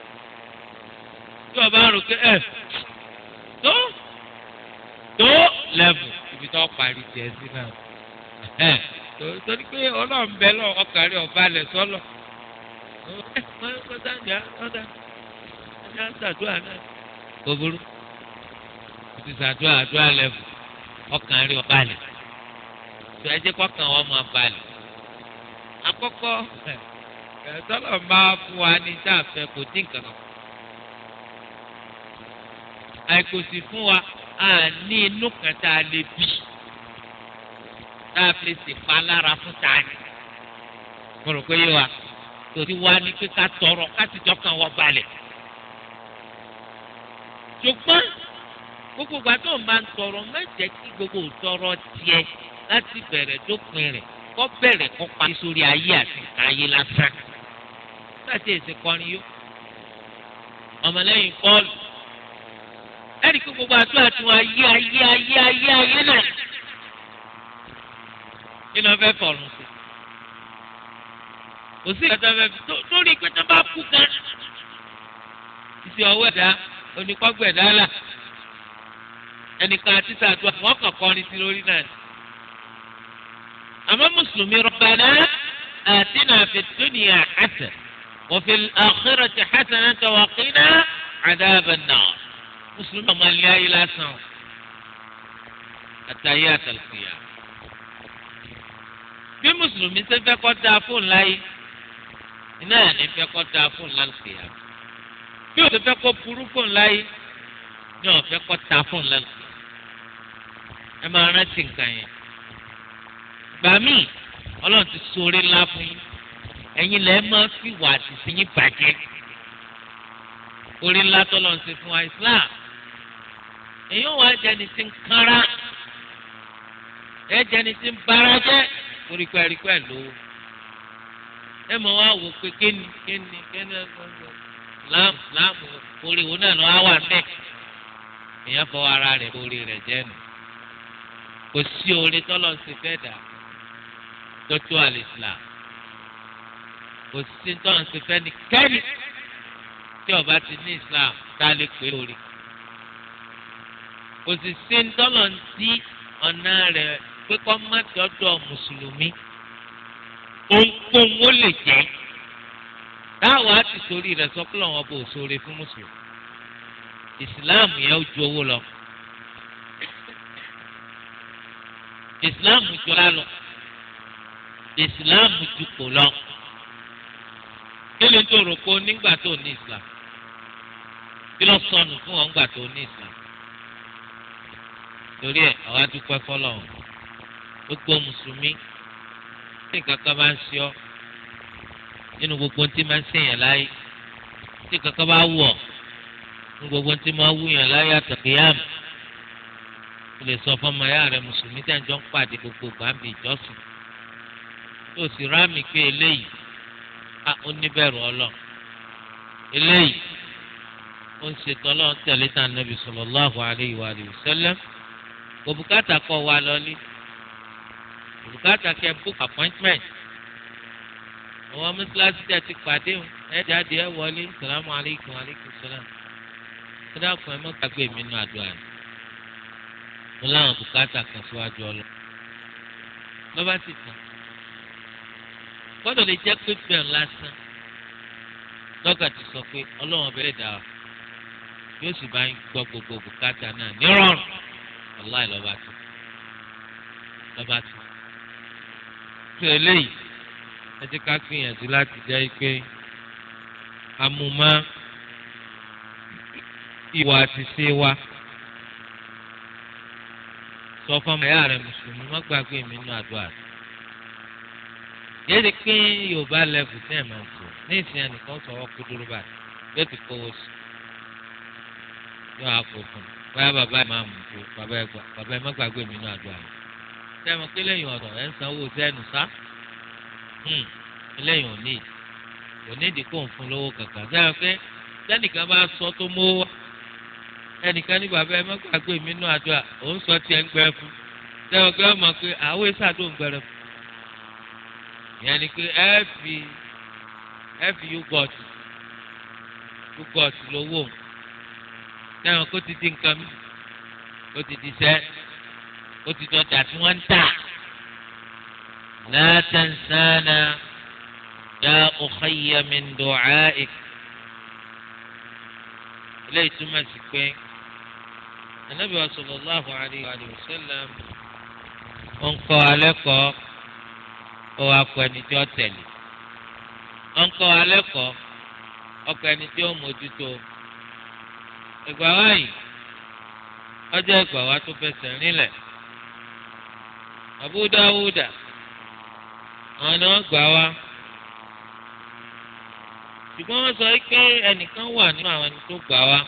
tí ọba ń rò pé ẹ tó tó lẹ́bù ibi tó parí jẹ sí náà ẹ torí pé ọlọ́run bẹ lọ ọkàn rẹ ọba lẹ sọlọ ẹ kọ́tà jà kọ́tà jà sàdúrà náà kò burú ti sàdúrà àdúrà lẹ́bù ọkàn rẹ ọba lẹ tó ẹ jẹ́ kọ́kàn wọn máa balẹ̀ àkọ́kọ́ ẹ̀ sọlọ́ọ̀ máa fún wa ní sáà fẹ́ kò dín kankan àìkò sí fún wa a ní inú kan tá a lè bí tá a fi ṣèpalára fún tani mo rò pé yé wa tòtí wa ní pé ká tọrọ ká sì jọkàn wọ balẹ̀ ṣùgbọ́n gbogbo ìgbà tó ń bá ń tọrọ mẹ́jẹ̀ kí gbogbo ìtọrọ tiẹ̀ láti bẹ̀rẹ̀ dópin rẹ̀ kọ́ bẹ̀rẹ̀ kọ́ parí sórí ayé àti ayé lásán. láti èsì kọrin yó ọmọlẹ́yìn Pọ́ọ̀lù ẹ̀rí kí gbogbo àdúrà tí wọ́n ayé ayé ayé ayé ayé náà nínú ọ̀fẹ́ fọ̀rùn sí. kò sí ìgbà tó ọ̀fẹ́ lórí pé tó bá kú kan. ìṣe ọwọ́ ẹ̀dá oníkọ́gbẹ̀ ẹ̀dá là ẹnìkan àti sàdúrà wọ́n kàn kọrin sí lórí náà. àmọ́ mùsùlùmí rabbana atina fid dunya hasanatan wa fil akhirati hasanatan wa qina adhaban nar. mùsùlùmí ọmọ ilé ayé lásán o àtàyé àtàlùkìyà bí mùsùlùmí ṣe fẹ́ kọ́ da fóònù láyé iná yà ní fẹ́ kọ́ da fóònù lálùkìyà bí o ṣe fẹ́ kọ́ burú fóònù láyé ní ọ̀fẹ́ kọ́ ta fóònù lálùkìyà ẹ máa rántí nǹkan yẹn gbàmí ti sọ̀rọ̀ ńlá fún yín ẹ̀yin lẹ́ẹ̀ máa fi wà àṣìṣe yín bàjẹ́ orí ńlá tọ́lọ́run ṣe fún wa Islam èyí wọn ẹjẹni ti ń kanra ẹjẹni ti ń bara jẹ torí pé ẹrí pẹ lówó ẹ mọ wá wò pé kéni kéni kéni ẹgbẹgbẹ láàmù láàmù oríwo náà lọ wá mẹ èèyàn fọ ara rẹ̀ orí rẹ̀ jẹ nù kò sí orí tọ́lọ̀ sí fẹ́ dà tó àlìsílà kò sí tọ́lọ̀ sí fẹ́ ní kẹ́ni tí ọba ti ní Islam tá a lè pè é orí kò sì sí dọ́lọ̀ ń dí ọ̀nà rẹ̀ pé kọ́ má dọ́dọ̀ mùsùlùmí ohunkóhun ó lè jẹ́ táwọn á ti sórí rẹ̀ sọ pé lọ́wọ́ bò sóore fún mùsùlùmí ìsìláàmù yẹn ó ju owó lọ ìsìláàmù ju ọlá lọ ìsìláàmù ju kò lọ kí ló ń tó rò pé nígbà tó ní ìsìláàmù kí ló sọnù fún ọ nígbà tó ní ìsìláàmù torí ẹ̀ àwa dúpẹ́ fọlọ́ gbogbo mùsùlùmí tí nǹkan kan bá ń ṣe ọ́ nínú gbogbo tí máa ń ṣèyàn láyé tí nǹkan kan bá wù ọ́ nínú gbogbo tí máa wù yàn láyé àtàkìyàmù o lè sọ fọmọ ya rẹ mùsùlùmí tẹ̀ ń jọ ń pàdé gbogbo gbàǹbì ìjọsìn tó sì rámì pé eléyìí a ó níbẹ̀rù ọlọ eléyìí ó ń ṣètò ọlọ́run tẹ̀lé tàn nàbì sallallahu alaihi wa sallam kò bùkátà kọ wa lọlé kò bùkátà kẹ book appointment àwọn mọ́sálásí tẹ̀ ti pàdé o ẹ jáde ẹ wọlé salamu aleykum aleykum salam kí ni àpò ẹ mọ́ gbàgbé mi nù àdúrà rẹ̀ mo láwọn bùkátà kan síwájú ọlọ lọ́ba sì tán gbọ́dọ̀ lè jẹ́ pé bẹ́ẹ̀ lásán lọ́gà ti sọ pé ọlọ́run ọbẹ̀ lè dà yóò sì bá ń gbọ́ gbogbo bùkátà náà nírọ̀rùn aláì lọ́ba tó lọ́ba tó tó eléyìí ẹ jẹ́ ká gbìyànjú láti jẹ́ pé amúmá ìwà àṣìṣe wa sọ fọmọ ẹ̀yà rẹ̀ mùsùlùmí wọ́n gbàgbé mi nínú àdúrà rẹ̀ yéèdì pé yorùbá lẹ́fù sí ẹ̀ máa ń sọ ní ìsìn ẹnìkan sọ ọ́ kúdúrú báyìí yóò ti kówó sí i yọ àpò fún báyà bàbá ẹ̀ máa mú kó bàbá ẹ̀ bàbá ẹ̀ má gbàgbé mi náà àdúrà sẹ́mi pé lẹ́yìn ọ̀dọ̀ ẹ̀ ń sanwó sẹ́nu sá lẹ́yìn òní òní ìdíkò ń fún lówó kankan sẹ́mi pé sẹ́nìkan bá sọ tó mọ́ wá ẹnìkan ní bàbá ẹ̀ má gbàgbé mi náà àdúrà òun sọ tiẹ̀ ń gbẹ fún sẹ́mi pé ọmọ pé àwọn èsì àdó ń gbẹrẹ fún ìyẹn ni pé ẹ fi ẹ fi yúgọ̀tì yúgọ̀tì lówó òun kẹ́hìn kó ti di nǹkan mi ó ti di sẹ́ ó ti dọjà tí wọ́n ń tà la tansana ya ukhayya min du'aik eléyìí túmọ̀ sí pé anabi wa sallallahu alayhi wa sallam ó alẹ́ kọ́ ó wá kọ́ ẹni tí ó tẹ̀lé ó ń kọ́ alẹ́ kọ́ ọkọ̀ tí ó mójútó ìgbà wáyìí ọjọ́ ìgbà wa tó fẹsẹ̀ rinlẹ̀ Abu Dawuda àwọn ni wọ́n gbà wá ṣùgbọ́n wọ́n sọ pé ẹnìkan wà nínú àwọn ẹni tó gbà wá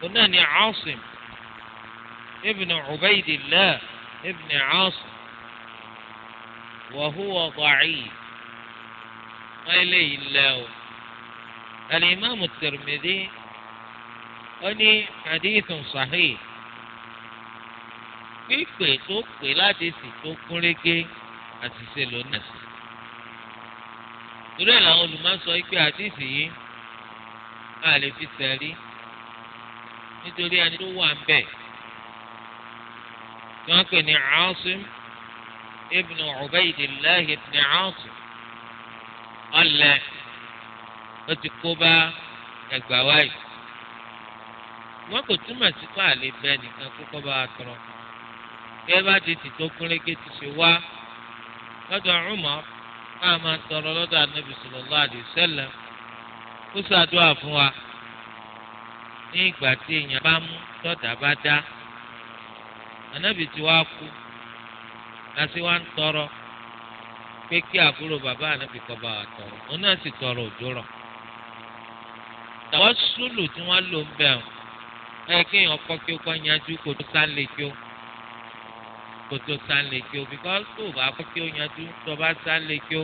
òun náà ni Asim ibn Ubaydillah ibn Asim wa huwa da'if wọ́n lé ilẹ̀ o Al-Imam Tirmidhi ó ní hadithun sahih pípè tó pè láti sì tó kúnrégé àṣìṣe lónà sí. torí ẹ̀ làwọn olùmọ̀sọ pé àdìsí yìí a lè fi sẹ̀rí nítorí ẹni tó wà ń bẹ̀ tí wọ́n pè ní Asim ibn Ubaydillah ibn Asim ọ̀lẹ́ ó ti kó bá ẹgbàá wáyé. wọn kò túmọ̀ sí pé àlè nìkan kókó bá a tọrọ bẹ́ẹ̀ bá ti ti tó kúnlẹ́gẹ́ ti ṣe wá lọ́dọ̀ máa tọrọ lọ́dọ̀ Ànábì sallallahu alaihi wasallam kó ṣàdúrà fún wa ní ìgbà tí èèyàn bá mú tọ́dà bá dá wá kú wá ń tọrọ pé bàbá wa tọrọ òun náà sì tọrọ òjò rọ̀ tàwọn sùlù tí wọ́n lò ń bẹ̀rù. ẹ kéèyàn kọ́ kí ó kọ́ yanjú kó tó sálẹ̀ kí ó kó tó sálẹ̀ kí ó because tó o bá kọ́ kí ó yanjú tó o bá sálẹ̀ kí ó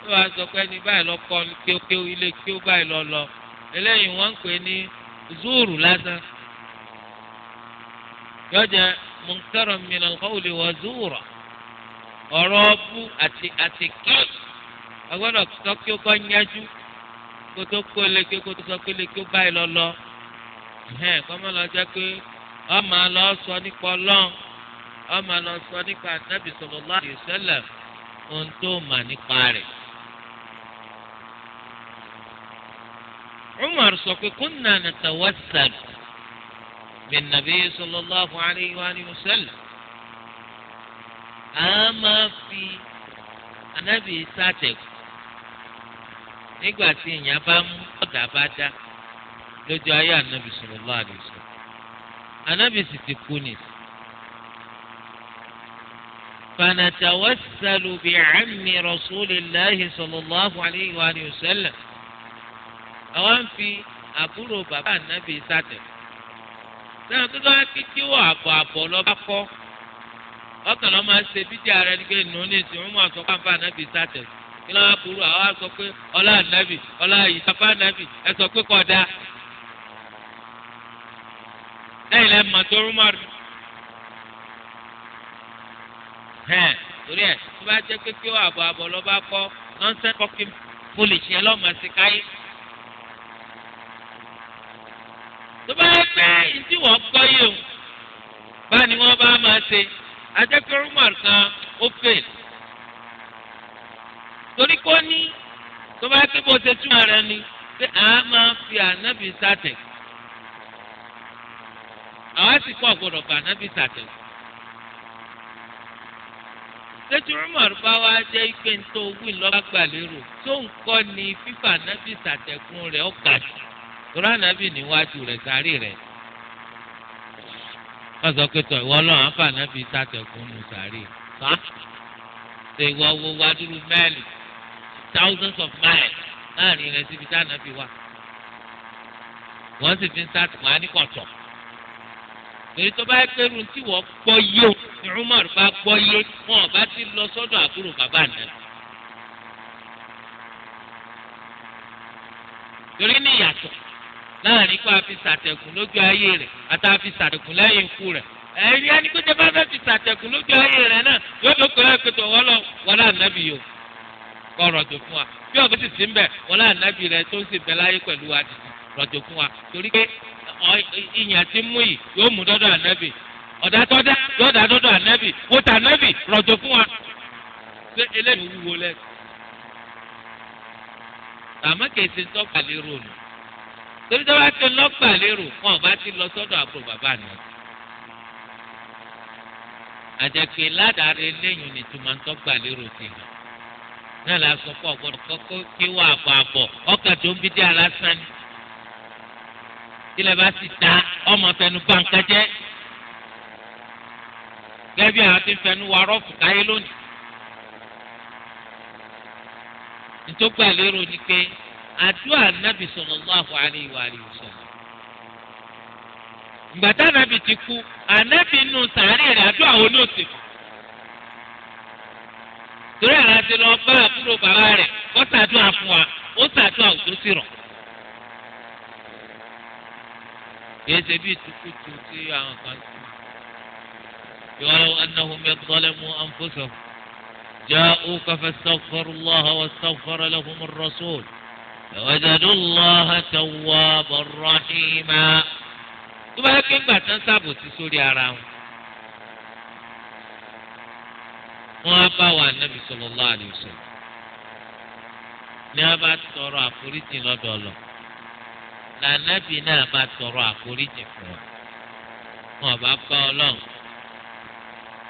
tó o bá sọ pé ní báyìí lọ kọ́ kí ó kí ó ilé kí ó báyìí lọ lọ eléyìí wọ́n ń pè ní zúùrù lásán yọjẹ munkaran min al-qawli wa zúùrà ọ̀rọ̀ ọbú àti àti kí ọgbọ́dọ̀ kọ́ kí ó kọ́ yanjú kó tó kó lé kí ó tó sọ pé lé kí ó báyìí lọ lọ. hẹ́n kọ́mọ́ lọ jẹ́ pé ọmọ lọ sọ nípa ọlọ́run ọmọ lọ sọ nípa ànábì sallallahu alaihi wasallam ohun tó mà nípa rẹ̀. Umar sọ pé a máa fi anabi sátẹ̀kù nígbà tí bá bá dá. lójú ayé anabi sọlọ alaihi wasallam ànábì sì ti kú ni. فنتوسل بعم sọlọ الله صلى الله عليه وآله وسلم àwọn fi àbúrò bàbá anabi sátẹ̀. sẹ́wọ̀n tó lọ́wọ́ kí kí àbọ̀ àbọ̀ lọ́ba kọ́. ọkàn lọ́ máa ṣe bíjà rẹ ní pé nù ní ìsìn mú àtọ́ pàǹpà anabi sátẹ̀. kí lọ́wọ́ burú àwọn sọ pé ọlá lẹ́yìn lẹ́yìn mọ̀ tó rúmọ̀rù. hẹ́n torí ẹ̀ tó bá jẹ́ pé kí ó àbọ̀ àbọ̀ lọ bá kọ́ nọ́ńsẹ́ kọ́kí foolish yẹn lọ́mọ sí káyé. tó bá yẹ pé ìdí wọ́n gbọ́ yìí o bá ni wọ́n bá máa ṣe ajẹ́ rúmọ̀rù kan ó fè. torí kó ní tó bá yẹ pé bó ṣe túmọ̀ rẹ ni pé àá máa fi ànábì sátẹ̀ àwa sì kọ́ ọ̀gbọ́dọ̀ bá nábì sàtẹ̀. Ṣéjú Rúmọ̀rù bá wá jẹ́ ike tó wí lọ́ba gbà lérò tó ń kọ́ ni fífà nábì sàtẹ̀kùn rẹ̀ ọ̀gá jù. Torá nábì níwájú rẹ̀ sáré rẹ̀. Wọ́n sọ pé tọ̀ ìwọ náà àǹfà nábì sàtẹ̀kùn nù sáré. Sá ṣe ìwọ wo wá dúró mẹ́ẹ̀lì thousands of miles láàrin rẹ̀ síbi tá nábì wà. Wọ́n sì fi ń sàtìmọ́ á ní kọ̀tọ̀. èyí tó bá pé tí wọ́n gbọ́ yé o ni Umar bá gbọ́ yé wọn ò ti lọ sọ́dọ̀ àbúrò bàbá àná. torí ní ìyàtọ̀ láàrin kó a fi ṣàtẹ̀kùn lójú ayé rẹ̀ àti a fi ṣàtẹ̀kùn lẹ́yìn ikú rẹ̀ ẹ̀yin ẹni pé tẹ́ bá fẹ́ fi ṣàtẹ̀kùn lójú ayé rẹ̀ náà yóò tó kọ́ ẹ̀kẹ́tọ̀ wọ́n kọ́ ọ̀rọ̀ tó fún wa bí ọ̀gbìn sí rọ̀jò fún wa torí pé ìyàn ti mú yìí yóò mú dọ́dọ̀ ànábì ọ̀dà tọ́dá yóò dá dọ́dọ̀ ànábì wò tà ànábì rọ̀jò fún wa. ṣé eléyìí wúwo lẹ. àmọ́ kèsì tọ́gbà lérò nù torí tọ́ba ti lọ́gbà lérò wọn ò bá ti lọ sọ́dọ̀ àbúrò bàbá mi àjẹpẹ ládàáre lẹ́yìn ní tùmọ̀ntọ́ gbà lérò sí i náà la sọ pé ọ̀gbọ́dọ̀ kọ́kọ́ kí wọ́n àbọ̀ àbọ̀ ọkà tó ń bí dé alásán ni ilẹ̀ bá sì ta ọmọ fẹnu bá jẹ́ gẹ́gẹ́ bí àwọn ti fẹnu wa rọ́ọ̀fù káyé lónìí. nítògbà lérò ni pé àdúrà nàbì sallallahu alaihi wa alihi nàbì ti kú ànábì nù sàárè rẹ̀ àdúrà wo ni ó ti torí ti lọ bá àbúrò bàbá rẹ̀ kó fún wa ó kì ṣe bí ìtukùtù tí àwọn kan ti yọrọ anahum yadalamu anfusahum ja'uka fastaghfirullaha wastaghfara lahum ar-rasul lawajadallaha tawwaban rahima tó bá yẹ kí ń gbà tán sábòtí sórí ara wọn. wọn á bá wa nabi sallallahu alaihi ní a bá tọrọ àforíjì lọ́dọ̀ lọ lànàbì náà bá tọrọ àforíjì fún ọ wọn bá bá Ọlọ́run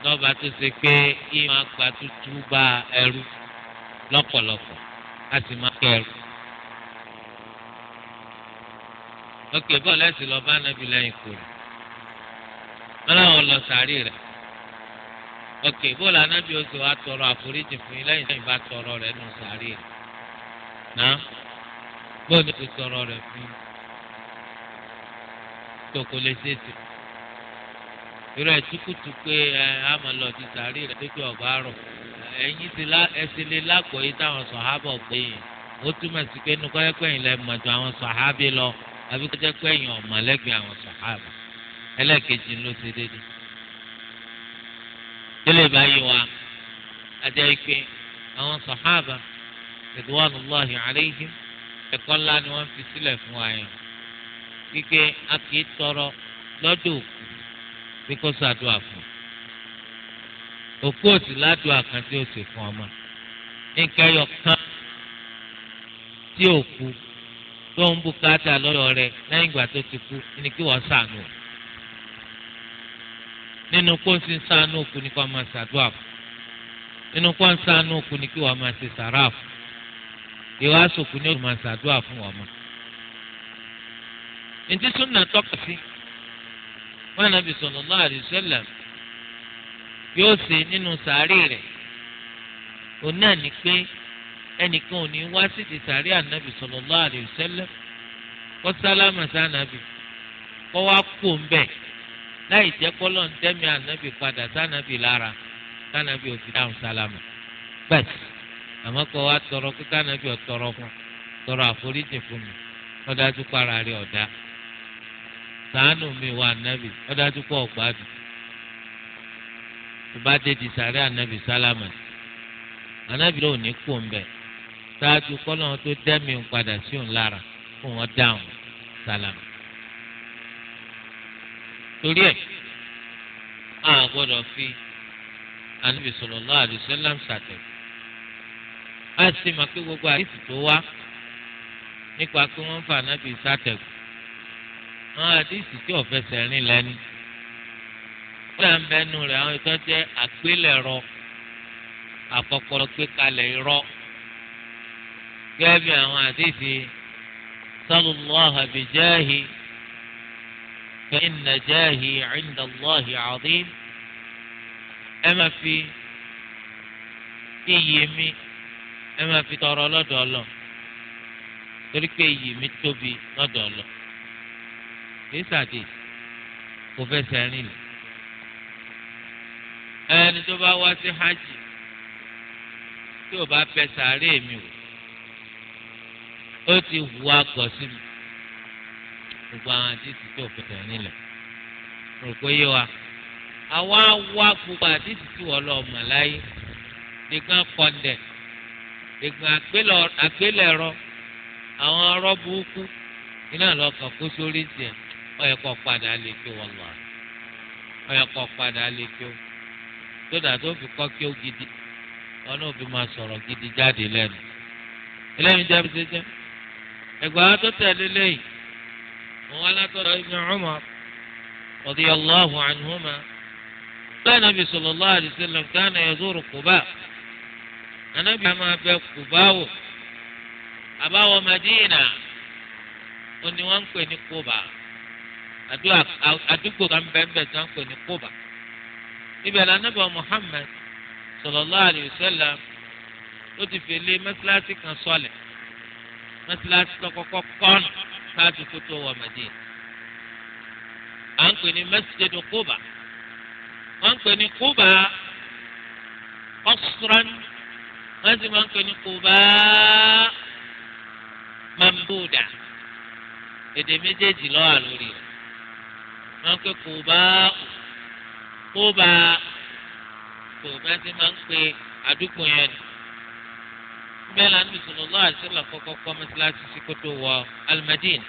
lọba tó ṣe pé kí máa gba tútú bá ẹrú lọ́pọ̀lọpọ̀ a sì máa kẹ ẹrú. lókè bọ́ọ̀ lẹ́sìn lọ bá nàbì lẹ́yìn kò rí wọn láwọn lọ sàárì rẹ̀ lókè bọ́ọ̀ lànàbì ó sì wá tọrọ àforíjì fún yín lẹ́yìn lẹ́yìn bá tọrọ rẹ̀ nù sàárì rẹ̀ náà bọ́ọ̀ ni tọrọ rẹ̀ fún yín. tó kò lè ṣe tù irú ẹ̀ tukutu pé ẹ àmọ́ lọ ti sàárì rẹ̀ pé ọ̀bá rọ̀ ẹ̀yin ti la ẹsẹ̀ lè lápò yìí táwọn sọ̀hábọ̀ pé yìí ó túmọ̀ sí pé inú kọ́yẹ́ pẹ́yìn lẹ mọ̀jọ àwọn sọ̀hábì lọ àbí kọ́jẹ́ pẹ́yìn ọ̀mọ̀lẹ́gbẹ̀ẹ́ àwọn sọ̀hábì ẹlẹ́ẹ̀kejì ló délé báyìí wa ajá ike ni wọ́n fi sílẹ̀ wípé a kì í tọrọ lọ́dọ̀ òkú bí kò sàdúrà fún òkú òsì ládùúgbò àkàntì òsì fún ọmọ nǹkan ẹyọ kan tí òkú tó ń bùkátà lọ́dọ̀ rẹ lẹ́yìn ìgbà tó ti kú ni kí wọ́n sànù nínú kó ń sin sànù òkú ni kí máa sàdúrà fún nínú kó ń sànù òkú ni kí wọ́n máa ṣe sàrà fún ìwà sòkú ni ó máa sàdúrà fún ọmọ ntí súnà tọ́ka sí wọn nàbì sallallahu alaihi wasallam yóò ṣe nínú sàárì rẹ̀ òun náà ní pé ẹnìkan ò ní wá sí ti sàárì ànábì sallallahu alaihi wasallam kó sálámà sí ànábì kó wá kú òǹbẹ láì jẹ́ kọ́lọ́ ń tẹ́mi ànábì padà sànábì lára kànábì ò fi dáhùn sálámà bẹ́ẹ̀ àmọ́ kó wá tọrọ kó kànábì ò tọrọ fún tọrọ àforíjì fún mi wọ́n dájú para rẹ̀ ọ̀dá sàánù mi wà ànábì ó dájú pọ̀ gbádùn tó bá dé di sàárẹ̀ ànábì sálámà ànábì ló ní kó ń bẹ̀ ṣáájú kọ́lọ́n tó dẹ́mi ń padà sí òun lára kó wọ́n dáhùn sálámà. torí ẹ̀ a gbọ́dọ̀ fi ànábì sallallahu alaihi wasallam ṣàtẹ̀ a sì máa pé gbogbo àdìsí tó wá nípa pé wọ́n ń fa ànábì ṣàtẹ̀kù àwọn àdìsí tí ò fẹsẹ̀ rìn lẹ́ni. ó dà ń bẹnu rẹ̀ àwọn ìtọ́ jẹ́ àgbélẹ̀rọ àfọpọlọ pé kalẹ̀ irọ́. gẹ́gẹ́ bí àwọn àdìsí sallallahu bi jahi fa inna jahi inda Allahi azim. ẹ máa fi iyì mi ẹ máa fi tọrọ lọ́dọ̀ torí pé iyì mi tóbi lọ́dọ̀ kìí sàdé kò fẹsẹ̀ rìn lẹ̀. ẹni tó bá wá sí hajj tí ò bá bẹ sàárè mi o ó ti hu agọ̀ sí mi gbogbo àwọn àdìsí tó fẹsẹ̀ rìn lẹ̀ rò pé yé wa àwa wá gbogbo àdìsí tí wọ́n lọ mọ̀ láyé nìkan kọ̀ndẹ̀ ìgbà àgbélẹ̀rọ àwọn ọ̀rọ̀ burúkú iná lọ́kàn kó sórí tiẹ̀ ọyọ kọ padà lè tó wọn lọ ọyọ kọ padà lè tó tó fi kọ́ kí ó gidi wọn náà fi máa sọ̀rọ̀ gidi jáde lẹ́nu eléyìí jẹ́ bíi jẹ́ ẹgbàá tó tẹ̀lé lẹ́yìn wọn alátọ́rọ̀ Ibn Umar radiyallahu anhuma lẹ́yìn Nabi sallallahu alayhi wasallam kana yazuru Quba anábì àmà bẹ Quba wò àbáwọ̀ Madina ó ní ń pè ní Quba. àdúgbò kan bẹ́ẹ̀ tó ń pè ní kóbà ibẹ̀ la Ànábì Muhammad sallallahu alayhi wa sallam ló ti fi lé mẹ́sàlásì kan sọlẹ̀ mẹ́sàlásì tó kọ́kọ́ kọ́nù káàtó tó tó wà Madina à ń pè ní Masjidu Quba wọ́n ń pè ní Quba qasran wọ́n sì máa ń pè ní Quba mambuda èdè méjèèjì lọ́wọ́ lórí rẹ̀ wọn pe kò bá kó bá kò bá ti máa ń pe àdúgbò yẹn ni bẹ́ẹ̀ la níbi sallallahu alaihi wasallam kọ́kọ́ kọ́ mẹ́sàlásì sí kótó wọ al-Madina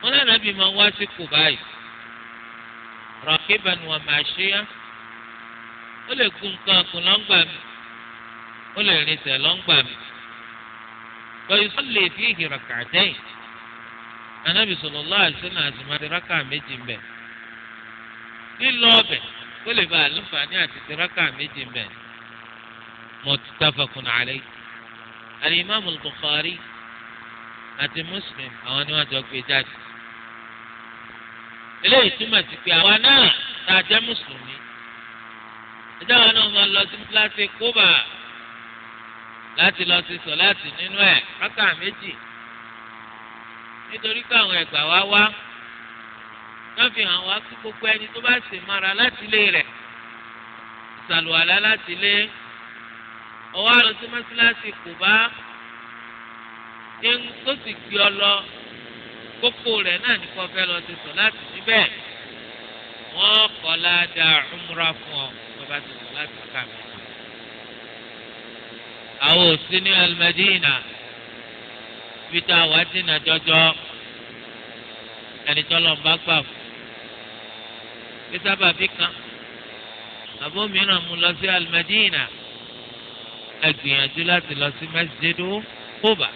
wọn lẹ́nu àbí máa wá sí kò báyìí rakiban wa mashiya ó lè gun nǹkan kù lọ́ngbà mi ó lè rìn sẹ̀ lọ́ngbà mi wa yusalli fihi rak'atayn anabi sọlọ lọ àìsàn àzùmáde rákà méjì ń bẹ lílọ ọbẹ kó lè bá àlùfààní àti tìrákà méjì ń bẹ muttafaqun alayhi alimami bukhari àti muslim àwọn ni wọn jọ gbé jáde eléyìí túmọ̀ sí pé àwa náà tá a jẹ́ mùsùlùmí ẹjọ́ àwọn náà máa lọ sí kíláàsì kóbà láti lọ sí sọ láti nínú ẹ̀ rákà méjì nítorí pé àwọn ẹ̀gbà wa wá wọ́n fi hàn wá kí gbogbo ẹni tó bá sì mara láti ilé rẹ̀ ṣàlùwàlá láti ilé ọwọ́ àlọ́ sí mọ́síláṣí kò bá ń tó sì gbé ọ lọ kókó rẹ̀ náà ní kó lọ ti sọ láti síbẹ̀ wọ́n kọ́ ládàá umra fún ọ bàbá ti sọ láti kàmí. àwọn ò sí ibi tá a wà dínà jọjọ ẹni tọ́lọ̀ ń bá gbà fún bí sábàbí kan àbó mìíràn mú lọ sí alimadina ẹ gbìyànjú láti lọ sí masjidu Quba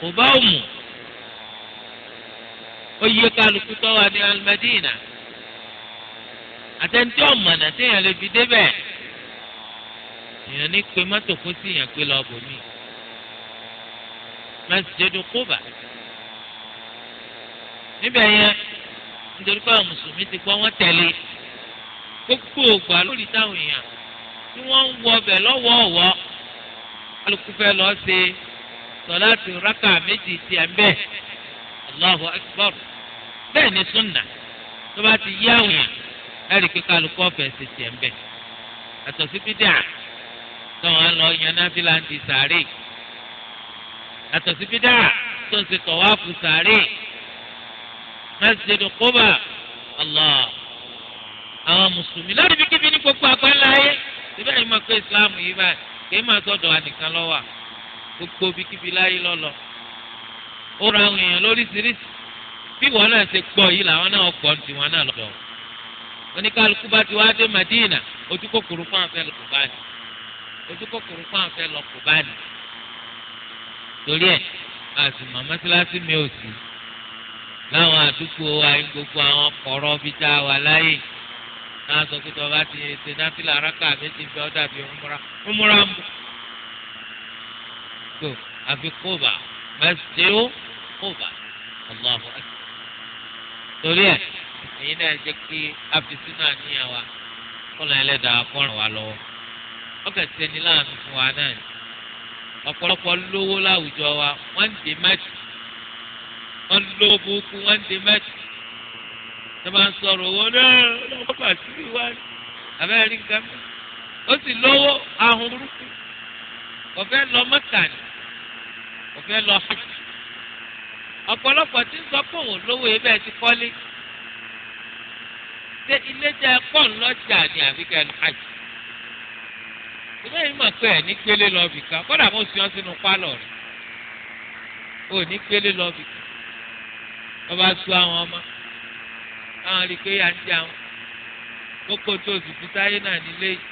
Quba òmù ó yẹ kálukú tó wà ní alimadina àtẹnudí ọ̀mọ̀nà téèyàn lè fi débẹ̀ èèyàn ní pé mọ́tò kó sí èèyàn pé lọ bò mí Masjidu Quba níbẹ̀ yẹn nítorí pé àwọn mùsùlùmí ti gbọ́ wọ́n tẹ̀lé gbogbo ògbà lórí táwọn èèyàn tí wọ́n ń wọ ọbẹ̀ lọ́wọ́ọ̀wọ́ alùpùpù fẹ́ lọ ṣe sọláàtì rákà méjì ti ẹ̀ ń bẹ̀ Allahu Akbar bẹ́ẹ̀ ni súnà tó bá ti yí àwọn èèyàn ẹ̀rí kíkọ́ alùpùpù ọ̀fẹ́ ṣe ti ẹ̀ ń bẹ̀ àtọ̀sí bídíà táwọn á lọ yan náfìlà ń di sàárè yàtọ̀ sí bídà tó ń ṣe tọ̀wáfù sàárè mẹ́sìdẹ̀dù kóbà Allah àwọn mùsùlùmí lórí bíkíbi ní gbogbo àgbáńlá ayé síbẹ̀ yìí máa pé ìsìláàmù yìí báyìí kì í máa sọ̀dọ̀ ànìkan lọ́wọ́ gbogbo bíkíbi láyé lọ́lọ́ ó ra àwọn èèyàn lóríṣiríṣi bí wọn náà ṣe gbọ́ yìí làwọn náà gbọ́ ní tiwọn náà lọ́dọ̀ oníkálukú bá ti wá dé Madina ojú kòkòrò fún àfẹ́ lọ́kùnrin báyìí ojú kòkòrò fáwọn fẹ́ lọ kò báyìí torí ẹ̀ àtìmọ̀ mọ́sálásí mi ò sí láwọn àdúgbò àyín gbogbo àwọn kọ̀ọ̀rọ̀ fi dá wa láyè náà sọ pé tọ́ba ti ṣe náfìlà arákà méjì fi ọ́ dàbí múra múra mú. tó àfi kóbà mẹ́sìtìó kóbà ọlọ́hu ẹ̀. torí ẹ̀ èyí náà jẹ́ kí a sínú àníyàn wa kọ́nà ẹlẹ́dàá kọ́ràn wa lọ́wọ́ ọkàn sẹni láàánú fún wa náà ni ọ̀pọ̀lọpọ̀ lówó láwùjọ wa wọ́n ń dè mẹ́tì wọ́n lówó burúkú wọ́n ń dè mẹ́tì tó máa ń sọ̀rọ̀ owó náà lọ́wọ́ pàṣírí wa ni abẹ́rẹ́ rí nǹkan mẹ́tì ó sì lówó ahun burúkú ọ̀fẹ́ lọ mọ́kà ọ̀fẹ́ lọ hajj ọ̀pọ̀lọpọ̀ tí ń sọ pé òun lówó ebẹ́ ti kọ́lé ṣé ilé jẹ́ pọ́ùn ni àbíkẹ́ lọ hajj ìbẹ́ yìí mọ̀ pé ẹ̀ ní gbélé lọ bìkan kódà mo sì ọ́ sínú pálọ̀ rẹ̀ ò ní gbélé lọ bìkan ọba su àwọn ọmọ àwọn rí pé à ń jẹ àwọn kókó tó o sì fi sáyé náà nílé yìí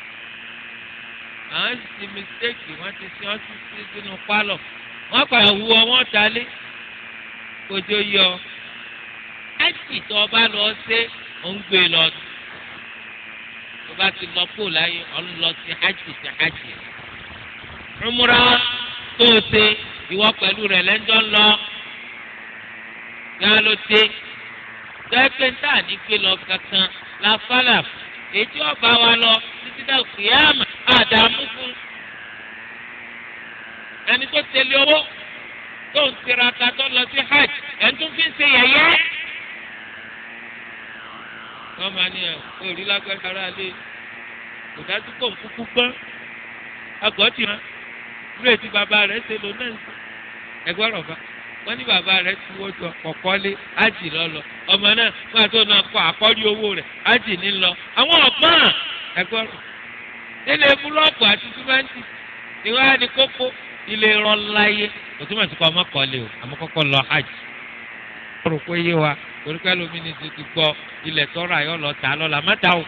àwọn sì ti mistake wọ́n ti sin ọ́ sí sínú pálọ̀ wọ́n padà hu ọ wọ́n ta lé kójó yọ ẹ́kì tó ọba lọ ṣe ó gbé lọ bá ti lọ kó láyé ọ̀n lọ sí hajj sí hajj. Umra tó o ṣe ìwọ pẹ̀lú rẹ̀ lẹ́jọ́ lọ gan ló ṣe. Gẹ́gẹ́ tá à ní gbé lọ kankan la fálà ètí ọba wa lọ títí dá kìyàmà àdàmú fún. Ẹni tó tẹ̀lé owó tó ń tiraka tó lọ sí hajj ẹ̀ ń fi ń ṣe yẹ̀yẹ́ wọ́n máa ní ẹ̀ orí lágbára alẹ́ kò dájú kó ń kúkú gbọ́n agọ́tì hàn rúrè tí bàbá rẹ̀ ṣe lò náà ẹgbẹ́ rọ̀ bá wọ́n ní bàbá rẹ̀ tí wọ́n jọ kọ̀kọ́lé ájì lọ́lọ́ ọmọ náà wọ́n àti ọ̀nà akọ àkọ́rí owó rẹ̀ ájì ní lọ àwọn ọ̀gbọ́n ẹgbẹ́ rọ̀ nílé búlọ́ọ̀kù àti símẹ́ǹtì ni wọ́n á ní kókó ilé rán láyé òtúmọ̀ sí kọ́ ọmọ kọ́lé o àmọ́ kọ́kọ́ lọ hajj rò pé yé wa torí pé lómi ni ti gbọ́ ilẹ̀ tọ́ra yọ lọ tà lọ́la mọ́ta o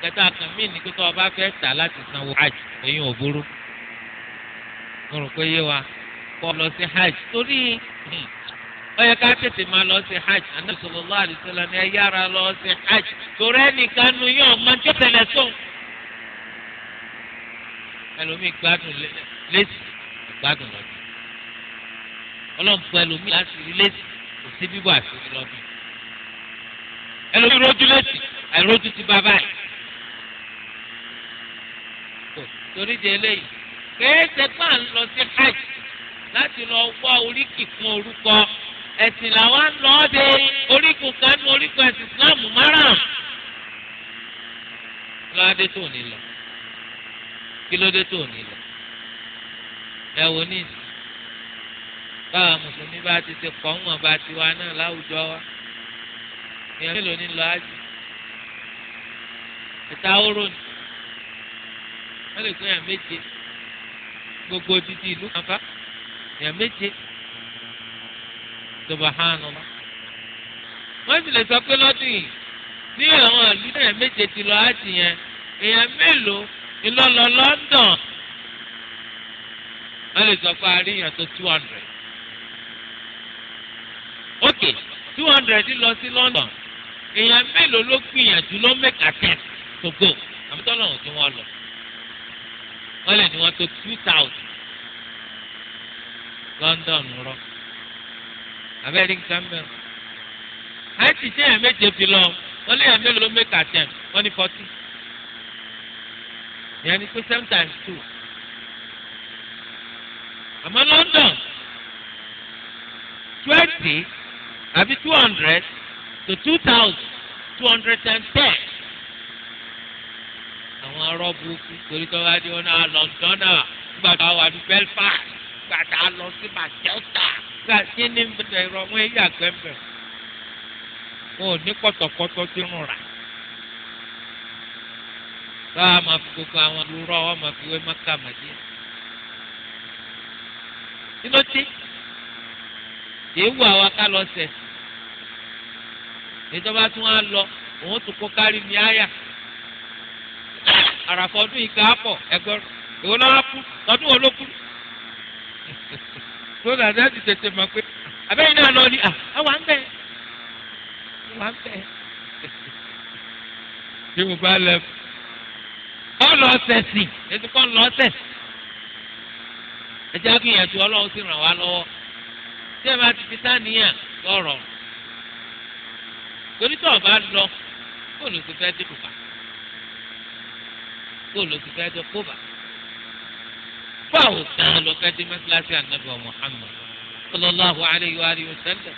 ìkẹta kan mí ní kíkọ́ ọba fẹ́ tà láti sanwó hajj eyín ò burú mo rò pé yé wa kọ́ lọ sí hajj torí hmm, ó yẹ ká tètè máa lọ sí hajj àná sọlọ́lá àdìsọ́lá ni ẹ yára lọ sí hajj torí ẹnìkan nu yóò mọ tí tẹ̀lé sóun ẹlòmíì gbádùn lẹ́sì gbádùn lọ́dún ọlọ́mùpọ̀ ẹlòmíì láti rí lẹ́sì kò sí bíbọ̀ àṣírí lọ́dún ẹlòmíì rójú lẹ́sì àìrójú ti bàbá yìí. torí de eléyìí kéésì pà ń lọ sí hajj láti lọ wá oríkì fún orúkọ ẹ̀sìn làwa ń lọ de oríkùn kan ní oríkùn ẹ̀sìn islam márùn. kí ló dé tó ní lọ kí ló dé tó ní lọ ẹ wò ní ìsìn báwa mùsùlùmí bá ti ṣe pọ̀ ńwọ̀n bá tiwa náà láwùjọ wa èèyàn mélòó ní lọ hajj ìta oró ni wọ́n lè fún yàn méje gbogbo títí ìlú kan fa yàn méje subhanallah wọ́n sì lè sọ pé lọ́dún yìí ní àwọn ìlú náà méje ti lọ ájì yẹn èèyàn mélòó ìlọlọ London wọ́n lè sọ pé àríyàn tó two hundred ok two hundred lọ sí London èèyàn mélòó ló gbìyànjú ló make attempt to go àbútọ́ lọ́run tí wọ́n lọ wọ́n lè ní wọ́n tó two thousand London rọ abẹ́rẹ́ nǹkan mẹ́rin àìsí tí èèyàn méje fi lọ wọ́n lè yàn mélòó ló make ten. wọ́n ní forty ìyẹn ni pé seven times two àmọ́ London twenty àbí two hundred to two thousand two hundred and ten irọ́ burúkú torí tó bá dé ọ̀nà lọ́ńdọ́nà nígbà tó wà ní Belfast nígbà tá a lọ sí Manchester nígbà tí ní bẹ̀rẹ̀ irọ́ wọn yà gbẹ̀mẹ̀ o ní kọ̀tọ̀kọ̀tọ̀ tí ń rà tó a máa fi gbogbo àwọn irọ́ wọn máa fi wé mọ́kà màdí inú tí èéwù àwa ká sẹ̀ ètò bá tún wá lọ òun tún kó kárí mi áyà àràfọ̀ ọdún ìgbà pọ̀ ẹgbẹ̀rún ìwọ lọ́wọ́ kú ọdún wo ló kú. <laughs> tó dàda ti tètè mọ̀ pé abẹ́yìn náà lọ ni àwa ń bẹ̀ wà ń bẹ̀. <laughs> bí mo bá lẹ ọ lọ sẹ̀sì ètò kan lọ sẹ̀ ẹ jẹ́ kí ìyẹ̀tù ọlọ́run sì ràn wá lọ́wọ́ tí ẹ bá ti fi sáníyàn lọ́rọ̀ torí tó o bá lọ fóònù tó fẹ́ dìbò bá. kó ló ti fẹ́ dé kóbà fáwọn sàn ló fẹ́ dé mẹ́sàlásì ànábì Muhammad sallallahu alayhi wa alihi wa sallam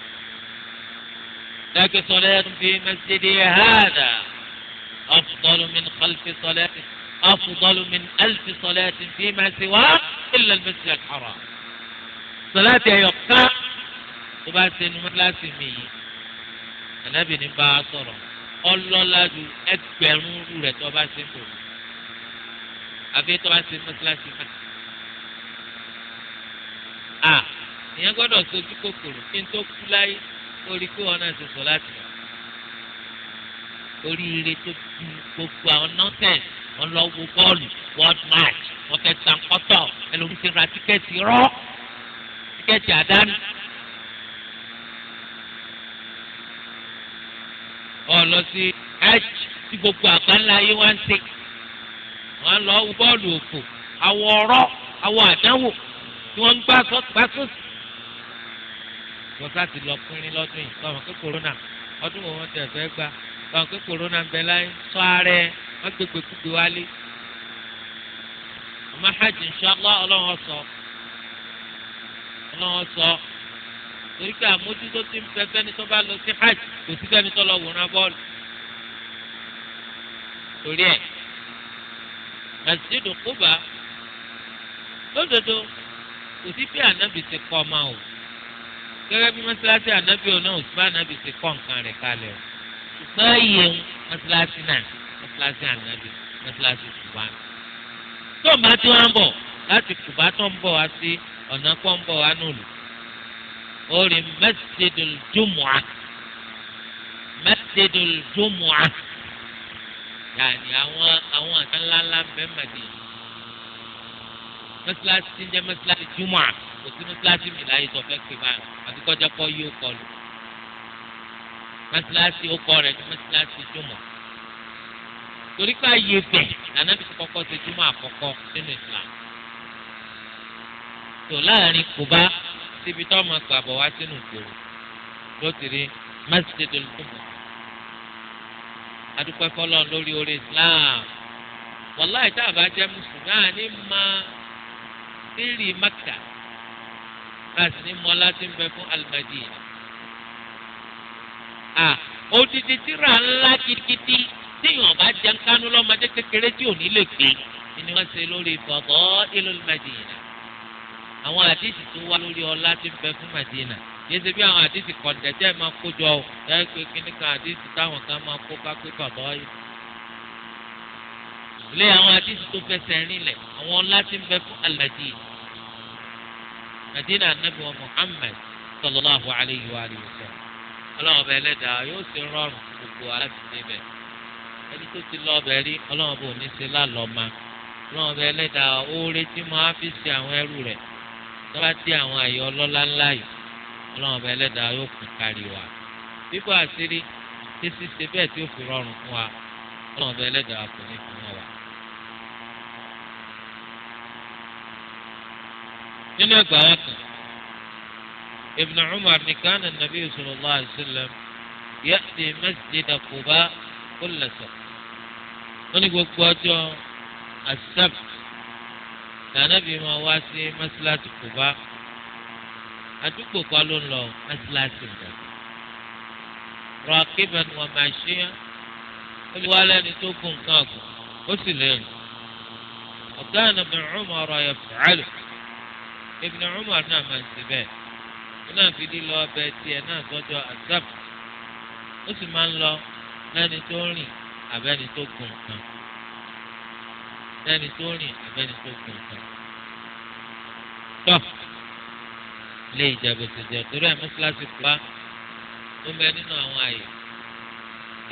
لكن صلاة في مسجدي هذا أفضل من خلف صلاة أفضل من ألف صلاة فيما سواه إلا المسجد الحرام صلاة يقطع وبعدين مدلاسي مي أنا بني باصرة ọlọ́lá ju ẹgbẹ̀rún rẹ̀ tó bá ṣe ń bò àfi tó bá ṣe mọ́sálásí mọ́. à ìyẹn gbọ́dọ̀ sojú kòkòrò kí n tó kú láyé orí pé wọn náà ṣe sọ láti rà oríire tó ju gbogbo àwọn nọ́ọ̀tẹ̀sì wọn bọ́ọ̀lù world match wọn fẹ́ san kọ́tọ̀ ẹlòmí ti ra tíkẹ́ẹ̀tì rọ́ tíkẹ́ẹ̀tì àdánù. ọ lọ sí hajj tí gbogbo àgbáńlá yìí wá ń ṣe wọ́n lọ wú bọ́ọ̀lù òfò àwọ̀ ọ̀rọ̀ àwọ̀ àdánwò tí wọ́n ń gbá sọ́sì. bọ́sá ti lọ pínrín lọ́dún yìí báwọn pé kòrónà ọdún wo wọn tẹ̀ fẹ́ gbà báwọn pé kòrónà ń bẹ láyé sọ ààrẹ wọn gbégbé kúgbe wálé. ọmọ hajj inshallah ọlọ́run sọ ọlọ́run sọ torí pé àmójútó ti ń fẹ́ fẹ́ni tó bá lọ sí hajj kò sí fẹ́ni tó lọ wòran bọ́ọ̀lù. torí ẹ̀ masjidu Quba lódodo kò sí bí anabi ti kọ́ ọmọ o gẹ́gẹ́ bí mọ́sálásí anabi ọ̀nà òsínbá anabi ti kọ́ nǹkan rẹ̀ kalẹ̀ o ṣùgbọ́n iye mọ́sálásí náà mọ́sálásí anabi mọ́sálásí Quba tó ń bá tí wọ́n ń bọ̀ láti Quba tó ń bọ̀ wá sí ọ̀nà kó ń bọ̀ wá nùlù orí masjidul Jumu'ah masjidul Jumu'ah yàní àwọn àwọn nǹkan ńláńlá bẹ́ẹ̀ màdì mọ́sálásí ti ń jẹ́ mọ́sálásí júmọ̀ kò sí mọ́sálásí mi láyé tó fẹ́ pè báyìí àti kọjá kọ́ yóò kọlù mọ́sálásí ó kọ́ rẹ̀ ní mọ́sálásí júmọ̀ torí pé ààyè bẹ̀ lànàbí ti kọ́kọ́ ṣe júmọ̀ àkọ́kọ́ nínú Islam tó láàrin Kùbá síbi tó ọmọ gbàbọ̀ wá sínú ìgboro ló ti rí mọ́sálásí tó lùkùmọ̀ adúpẹ́ fọlọ́n lórí orí islam wàláì tá a bá jẹ́ mùsùlùmí à ní ma rírì Mẹ́kà láti ní mọ́lá tí ń bẹ fún al-Madina. odidi tíra ńlá kitikiti téèyàn bá jẹ nkánú lọ́mọdé kékeré tí ò ní lè gbé ni wọ́n ṣe lórí fada'ilul Madina àwọn àdìsí tó wá lórí ọlá tí ń bẹ fún Madina yìí ṣe bí àwọn àdìsí kọ̀ǹtẹ̀tẹ̀ máa kó jọ ọ ẹ pé kíní kan àdìsí táwọn kan máa kó ká pé bàbá yìí. ilé àwọn àdìsí tó fẹsẹ̀ rinlẹ̀ àwọn ọlá ń bẹ fún alàjì Madina anabi wa Muhammad sallallahu alayhi wa sallam ọlọ́run ọba ẹlẹ́dàá yóò ṣe rọrùn gbogbo alábìsí bẹ̀ ẹni tó ti lọ ọbẹ̀ rí ọlọ́run ọba ò ní ṣe lálọ́ọ̀ma ọlọ́run ọba ẹlẹ́dàá ó retí máa fi ṣe àwọn ẹrú rẹ̀ tó bá dé àwọn àyè ọlọ́lá ńlá yìí ọlọ́run ọba ẹlẹ́dàá yóò kún kárí wa bíbọ̀ àṣírí tí ṣíṣe bẹ́ẹ̀ tí ó fi rọrùn fún wa ọlọ́run ọba ẹlẹ́dàá kò ní fún wa. nínú ẹgbàá wọn kan Ibn Umar ní kana an-nabiy sallallahu alaihi wasallam ya'ti masjid Quba kulla sabt wọ́n gbogbo ọjọ́ as-sabt lànà wá sí mọ́sálásí Quba àdúgbò kan ló ń lọ mọ́sálásí nǹkan. rọ̀kìbẹ̀ ni wọ́n máa ṣe é ó lè wá lẹ́ni tó gùn nǹkan àgùn ó sì lẹ́yìn. ọ̀gá Ibn Umar ọ̀rọ̀ fa'alu Ibn Umar náà máa ń ṣe bẹ́ẹ̀ ó náà fi dí lọ ọbẹ̀ tiẹ̀ náà sọ́jọ́ azab ó sì máa ń lọ lẹ́ni tó rìn àbẹ́ni tó gùn nǹkan lẹ́ni tó rìn àbẹ́ni tó gùn nǹkan ilé ìjàbọ̀ tó jẹ́ torí ẹ̀ mọ́ṣáláṣí pa ó ń bẹ nínú àwọn àyè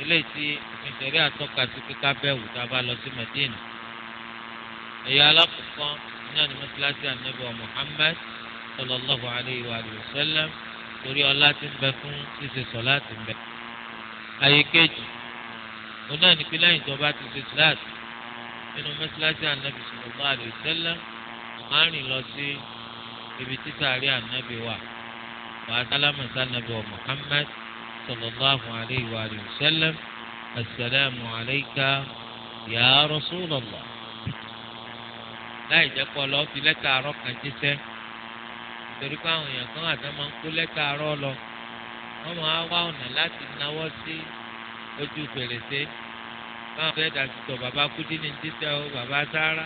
ilé tí òfin ṣẹ̀rí àtọ́ka sí kíká bẹ́ẹ̀ wù tá a bá lọ sí Madina ẹ̀yà alákọ̀ọ́kọ́ náà ni mọ́ṣáláṣí ànábì wa Muhammad sallallahu alayhi wa sallam torí ọlá tí ń bẹ fún ṣíṣe sọlá tí ń bẹ. àyè kejì òun náà ní pé lẹ́yìn ti ṣe sọlá nínú mọ́ṣáláṣí ànábì sallallahu alayhi wa sallam ibi tí sàárì ànábì wà wàá sálámù sànábì wa Muhammad sallallahu alayhi wa sallam asalaamu alayka ya rasulallah láì jẹ́ kó lọ́ọ́ fi lẹ́tà àárọ̀ kan jíṣẹ́ torí pé àwọn èèyàn kan àti máa ń kó lẹ́tà àárọ̀ lọ wọ́n máa wá ọ̀nà láti náwó sí ojú fèrèsé báwọn fẹ́ẹ́ dàtí bàbá kúdí jíṣẹ́ o bàbá sáárà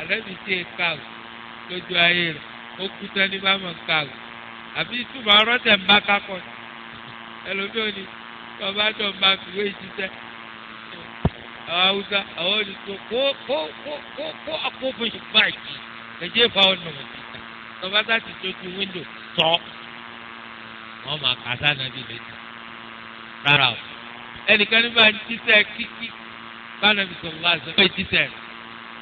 àlẹ́bí tí e kàwé lójú ayé rẹ̀ ó kú tẹ́ni bá mọ̀ kàwé àbí ìtumọ̀ ọlọ́tẹ̀ ń bá kákọ̀ ẹlòmíì ò ní bàbá tó ń bá fìwé ìṣiṣẹ́ àwọn haúsá àwọn olùkó kó kó kó kó kó àkókò báyìí ẹ̀jẹ̀ fa ọ̀nà òṣìṣẹ́ bàbá tá ti tójú wíńdò tọ́ wọ́n máa kà sáà nàbí lẹ́jọ́ rárá o ẹnìkan ní bá ń jíṣẹ́ kíkí bá nàbí sọ̀rọ̀ láti sọ̀rọ̀ ìjíṣẹ́ rẹ̀.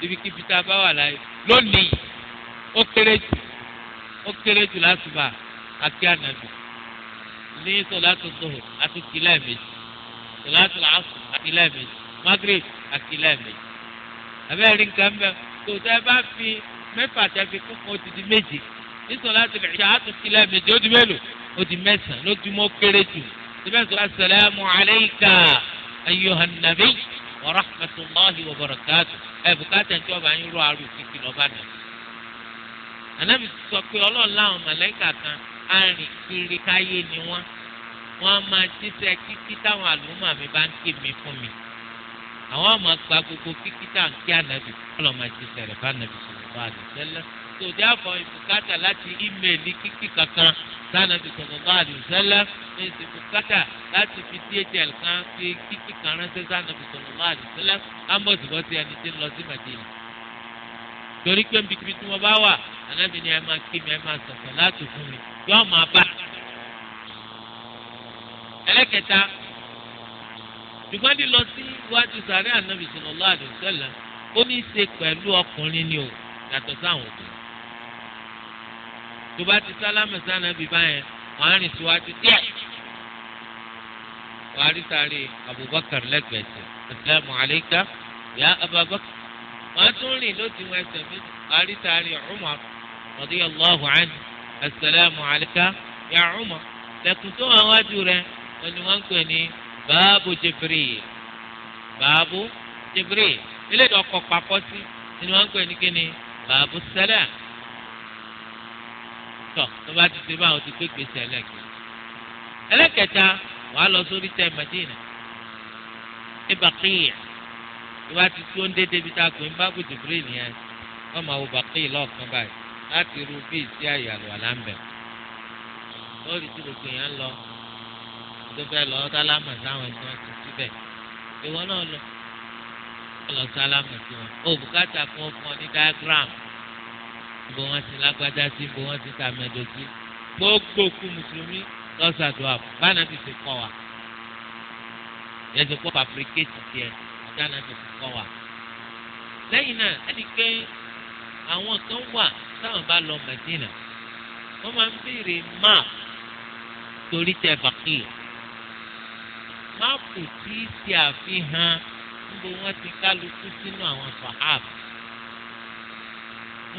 ibikíbi tá a bá wà láyé lónìí ó kéré jù ó kéré jù láti bá àti ànàbì ní sọláàtù sọhùn àti kìlá kìlẹ̀mẹ̀jì sọláàtù làásù àti kìlá kìlẹ̀mẹ̀jì magreth àti kìlá kìlẹ̀mẹ̀jì abẹ́rẹ́ rí nǹkan bẹ́ẹ̀ tó tẹ́ bá fi mẹ́fà tẹ́ fi kún ó ti di méje ní sọláàtù làásù àti kìlá kìlẹ̀mẹ̀jì ó di mélòó ó di mẹ́sàn-án lójúmọ́ kéré jù síbẹ̀ sọ assalamu alayka ayyuhan nabiy wa rahmatullahi wa barakatuh. ẹ bùkátà tí ọba yín rọ arú títí lọ́ba nà. ànábì sọ pé ọlọ́run láwọn mọ̀lẹ́kà kan arìn kiri káyé ni wọ́n wọ́n á máa jíṣẹ́ kíkí táwọn àlùmọ̀ mi bá ń ké mi fún mi. àwọn ọmọ gba gbogbo kíkí tá à ń kí ànábì ọlọ́ máa jíṣẹ́ rẹ̀ bá ànábì sọ̀rọ̀ bá àdìsẹ́lẹ̀. tòdí àfọ̀ ìbùkátà láti ímeèlì kíkí kankan sanabi sallallahu alaihi wasallam ní ìsìnkú kátà láti fi dhl kan fi kíkì kan ránṣẹ́ sanabi sallallahu alaihi wasallam ámọ̀sibọ́ ti ẹni tí ń lọ sí Madina. torí pé nbíkíbi tí wọ́n bá wà anabi ni ẹ máa kí mi ẹ máa sọ̀tọ̀ láti fún mi yóò máa bá. ẹlẹ́kẹta ṣùgbọ́n ní lọ sí iwájú sàárẹ̀ anabi sallallahu alaihi ó ní í ṣe pẹ̀lú ọkùnrin ni ò yàtọ̀ sáwọn òkè tó bá ti sálámù sànàbì báyẹn wàá rìn síwájú díẹ̀ wàá rí sáré Abubakar lẹ́gbẹ̀ẹ́ sí asalaamu aleyka ya Abubakar wàá tún rìn lóti wọn ẹsẹ̀ mi wàá rí sáré Umar radiyallahu anhu asalaamu aleyka ya Umar lẹ́kùn tó wà wájú rẹ̀ wọ́n ni wọ́n ń pè ní báàbù Jibril báàbù Jibril ilé ìdọ̀kọ̀ pàkọ́ sí ni wọ́n ń pè ní kíni báàbù sẹ́lẹ̀ tọ̀ tó bá ti ṣe báwọn ti pé gbèsè ẹlẹ́kẹ̀ẹ́ ẹlẹ́kẹ̀ẹ́ta wàá lọ sórí tẹ Madina ní Baqiya ìwà ti tí ó ń dédé bí táàkù ń bá gbèsè bírèlì yẹn wọ́n máa wo Baqiya lọ́ọ̀kan báyìí láti ru bí ìsí àyè àlùwàlá ń lórí tí gbogbo yẹn lọ tó fẹ́ lọ sálámà sáwọn ẹni wọn ti síbẹ̀ ìwọ náà lọ lọ sálámà sí wọn ó bùkátà fún ọ fún ọ ní diagram bó wọ́n ti lágbájá sí bó wọ́n ti tàmẹ̀dọ̀ sí gbogbo kú mùsùlùmí lọ́sàdùn àpò báná ti fi kọ́ wa yẹn ti kọ́ pàpíríkéètì tiẹ̀ dáná ti fi kọ́ wa. lẹ́yìn náà ẹni pé àwọn kan wà táwọn bá lọ Mẹdínà wọ́n máa ń béèrè máàpù torí tẹ fàkìlì máàpù tí ti àfihàn níbo wọ́n ti kálukú sínú àwọn sàhábà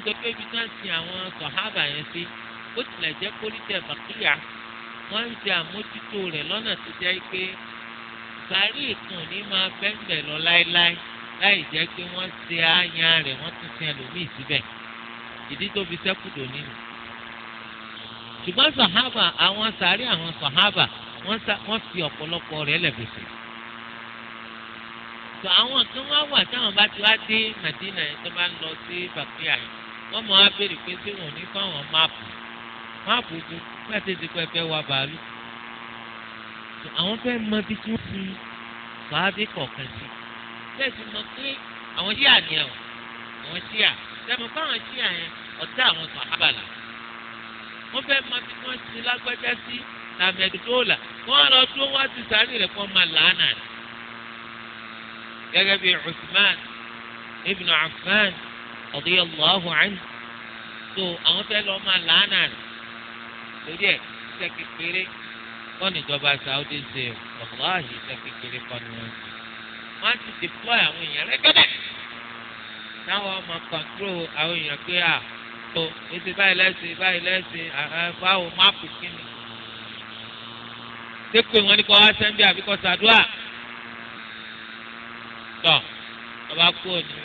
nítorí pé ibi náà sin àwọn sọ̀hábà yẹn sí ó tilẹ̀ jẹ́ kórìtẹ̀ bàkíyà wọ́n ń ṣe àmójútó rẹ̀ lọ́nà tó jẹ́ pé sàárì ìkùn ní máa bẹ́ńbẹ̀ lọ láéláé láì jẹ́ pé wọ́n ṣe ááyán rẹ̀ wọ́n tún sin ẹlòmíì síbẹ̀ ìdí tó fi sẹ́kù dòní nù. ṣùgbọ́n sọ̀hábà àwọn sàárì àwọn sọ̀hábà wọ́n fi ọ̀pọ̀lọpọ̀ rẹ̀ lẹ̀bùsùn tó àwọn kan wá wà táwọn bá ti wá dé Màdínà yẹn tó bá ń lọ sí bàkúyà yẹn wọ́n mọ̀ á béèrè pé ṣé wọn ò ní kọ́ àwọn máàpù máàpù tó gbàtẹ́ ti pẹ́ fẹ́ wa bàálù. àwọn fẹ́ mọ bí tí wọ́n fi sàábì kọ̀ọ̀kan sí. bẹ́ẹ̀ sì mọ pé àwọn ṣíà ni ẹ̀ àwọn ṣíà sẹ́mu fáwọn ṣíà yẹn ọ̀tá àwọn sàhábà là. wọ́n fẹ́ mọ bí wọ́n ti lágbájá sí tàmẹ̀dúdóòlà wọ́n lọ dúró wá sí sàárì rẹ̀ fún ọmọ làánà rẹ̀. gẹ́gẹ́ bí Uthman ibn Affan radiyallahu anhu tó àwọn fẹ́ lọ́ọ́ máa làánà rẹ̀ lórí ẹ̀ iṣẹ́ kékeré kọ́ níjọba Saudi ṣe wàláhì iṣẹ́ kékeré kọ́ ni wọ́n ṣe wọ́n á ti deploy àwọn èèyàn rẹ́gẹ́dẹ́ táwọn ọmọ control àwọn èèyàn pé à tó ètò báyìí lẹ́sìn báyìí lẹ́sìn báwo máàpù kínní sépè wọn ni kọ́ wá sẹ́ńbí àbíkọ́ sàdúà tọ́ ọba kúrò ní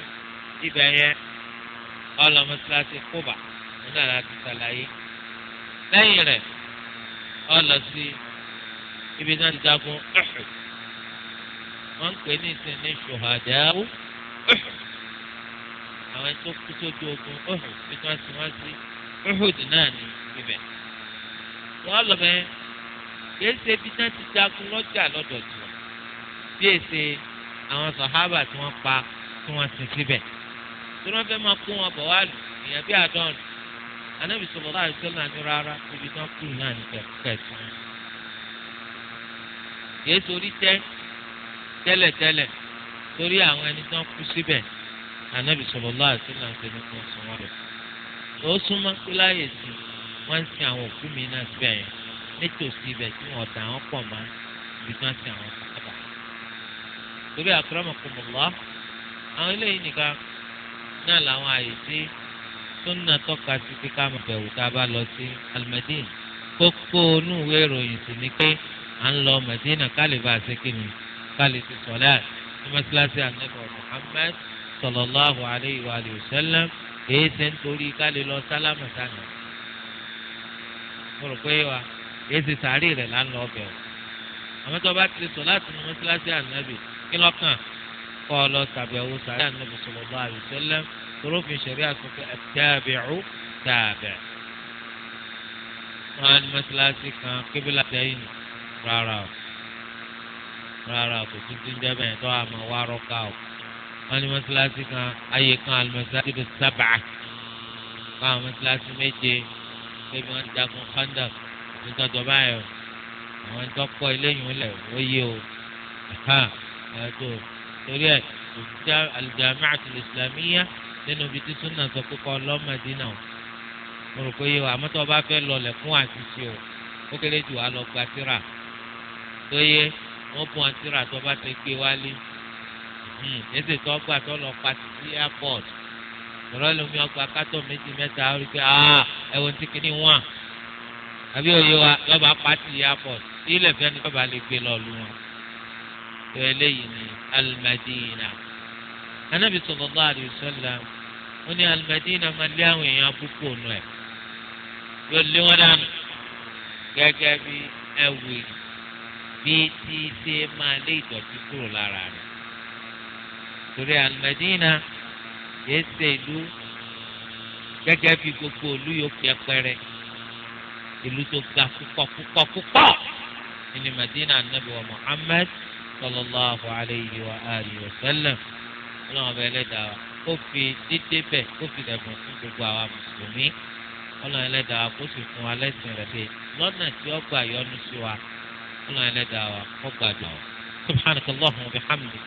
ibẹ̀ yẹn ọlọmọsíláṣí kóbà nínú àná ti sàlàyé lẹ́yìn rẹ̀ ọlọ sí ibi náà ti jagun Uhud wọ́n ń pè ní ìsìn ní ṣùhàdáwó Uhud àwọn ẹni tó kú sójú ogun Uhud bí wọ́n ti wọ́n sí Uhud náà ní ibẹ̀ wọ́n lọ bẹ́ẹ̀ kìí ṣe ibi náà ti jagun lọ́jà lọ́dọ̀ tiwọn bí èsè àwọn sàhábà tí wọ́n pa tí wọ́n sin síbẹ̀ tí wọ́n fẹ́ máa kó wọn bọ̀ wá lù èèyàn bí àdán anábì sọ̀rọ̀ láì sọ náà ní rárá ibi tán kù náà ní kẹ̀kẹ́ yéé torí tẹ́ tẹ́lẹ̀tẹ́lẹ̀ torí àwọn ẹni tán kú síbẹ̀ anábì sọ̀rọ̀ láì sọ náà ṣe ní kí wọ́n sọ wọn lọ. ó súnmọ́ pé láyè sí wọ́n ń sin àwọn òkú mi náà síbẹ̀ yẹn nítòsí ibẹ̀ tí wọ́n dà wọ́n pọ̀ mọ́ ibi tí wọ́n sin àwọn ọ̀pọ̀ torí àkúrọ̀mọ̀kùnmọ̀lá àwọn eléyìí nìkan náà làwọn àyè sí sunna tọ́ka sí pé ká máa bẹ̀wò tá a bá lọ sí al kókó inú ìròyìn sì ni pé à ń lọ Madina ká lè bá a ṣe kíni ká lè ti sọ̀lá ní mọ́sálásí ànábì Muhammad sallallahu alayhi wa sallam èyí ṣe ń torí ká lè lọ sálámà sánà mo rò pé wa èyí ṣe sàárì rẹ̀ là ń lọ bẹ̀wò àwọn bá ti sọ láti mọ́sálásí ànábì kí lọ́kàn kọ́ ọ lọ tàbẹ̀wò sàrẹ́ ànábì sallallahu alaihi wasallam torófin ṣẹ̀rí àtúntò àtàbẹ̀wò tàbẹ̀. wọ́n á ní mọ́ṣáláṣí kan kébìlà sẹ́yìn rárá o rárá o kò tún ti ń jẹ́ bẹ́ẹ̀ tó àmọ́ wá rọ́ká o. wọ́n ní mọ́ṣáláṣí kan ayé kan àlùmọ́ṣáláṣí tó sábà káwọn mọ́ṣáláṣí méje pé wọ́n jagun kọ́ńdà nítọ́jọ́ báyọ̀ àwọn ìtọ́kọ eléyìí ó lẹ̀ ó yé o ẹ̀hán ẹ̀dùn torí ẹ̀ òṣìṣẹ́ al-Jami'ah al-Islamiyyah nínú ibi tí súnà sọ pé kọ́ lọ Mẹ́dínà o mo rò pé yìí wà àmọ́ tó o bá fẹ́ lọlẹ̀ fún àṣìṣe o ó kéré jù wá lọ gba tíra tó yẹ wọ́n bùn àtìrà tó bá ti gbé wálé hmm, èsì tó gbà tó lọ pa sí airport lọ́rọ́ lómi ọgbà kátó méjì mẹ́ta ó rí pé ah, ẹ̀wọ̀n tí kìíní wọ́n àbí òye wa lọ́ba pa airport ilẹ̀ fẹ́ni lọ́ba lè gbé lọ́ọ́ lu wọn eléyìí ni alimadina anabi sallallahu alaihi wasallam ó ní alimadina máa lé àwọn èèyàn abúkù ònú ẹ yóò lé wọn dànù gẹ́gẹ́ bí ẹwì bí tí ṣe máa lé ìdọ̀tí kúrò lára rẹ̀ torí alimadina yéé ṣe ìlú gẹ́gẹ́ bí gbogbo ìlú yòókù ẹpẹrẹ ìlú tó ga púpọ̀ púpọ̀ púpọ̀ ní Madina anabi wa Muhammad sallallahu alayhi wa alihi wa sallam ọlọ́run ọba ẹlẹ́dàá wa kó fi dídé bẹ̀ kó fi dẹ̀bùn fún gbogbo àwa mùsùlùmí ọlọ́run ẹlẹ́dàá wa kó sì fún wa lẹ́sìn rẹ̀ pé lọ́nà tí ó gbà yọ́nú sí wa ọlọ́run ẹlẹ́dàá wa kó gbàdọ̀ wa. سبحانك اللهم وبحمدك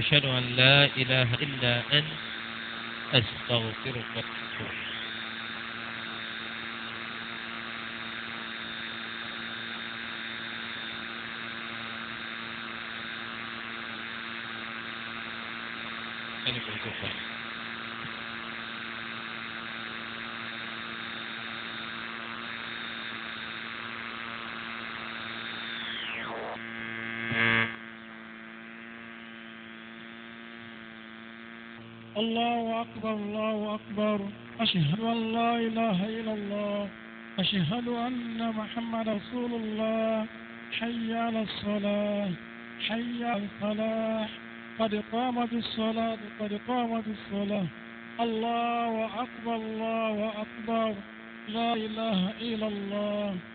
أشهد أن لا إله إلا أنت أستغفرك وأتوب الصفة الله أكبر الله أكبر أشهد أن لا إله إلا الله أشهد أن محمد رسول الله حي على الصلاة حي على الفلاح قد قامت الصلاة قد قامت الصلاة الله أكبر الله أكبر لا إله إلا الله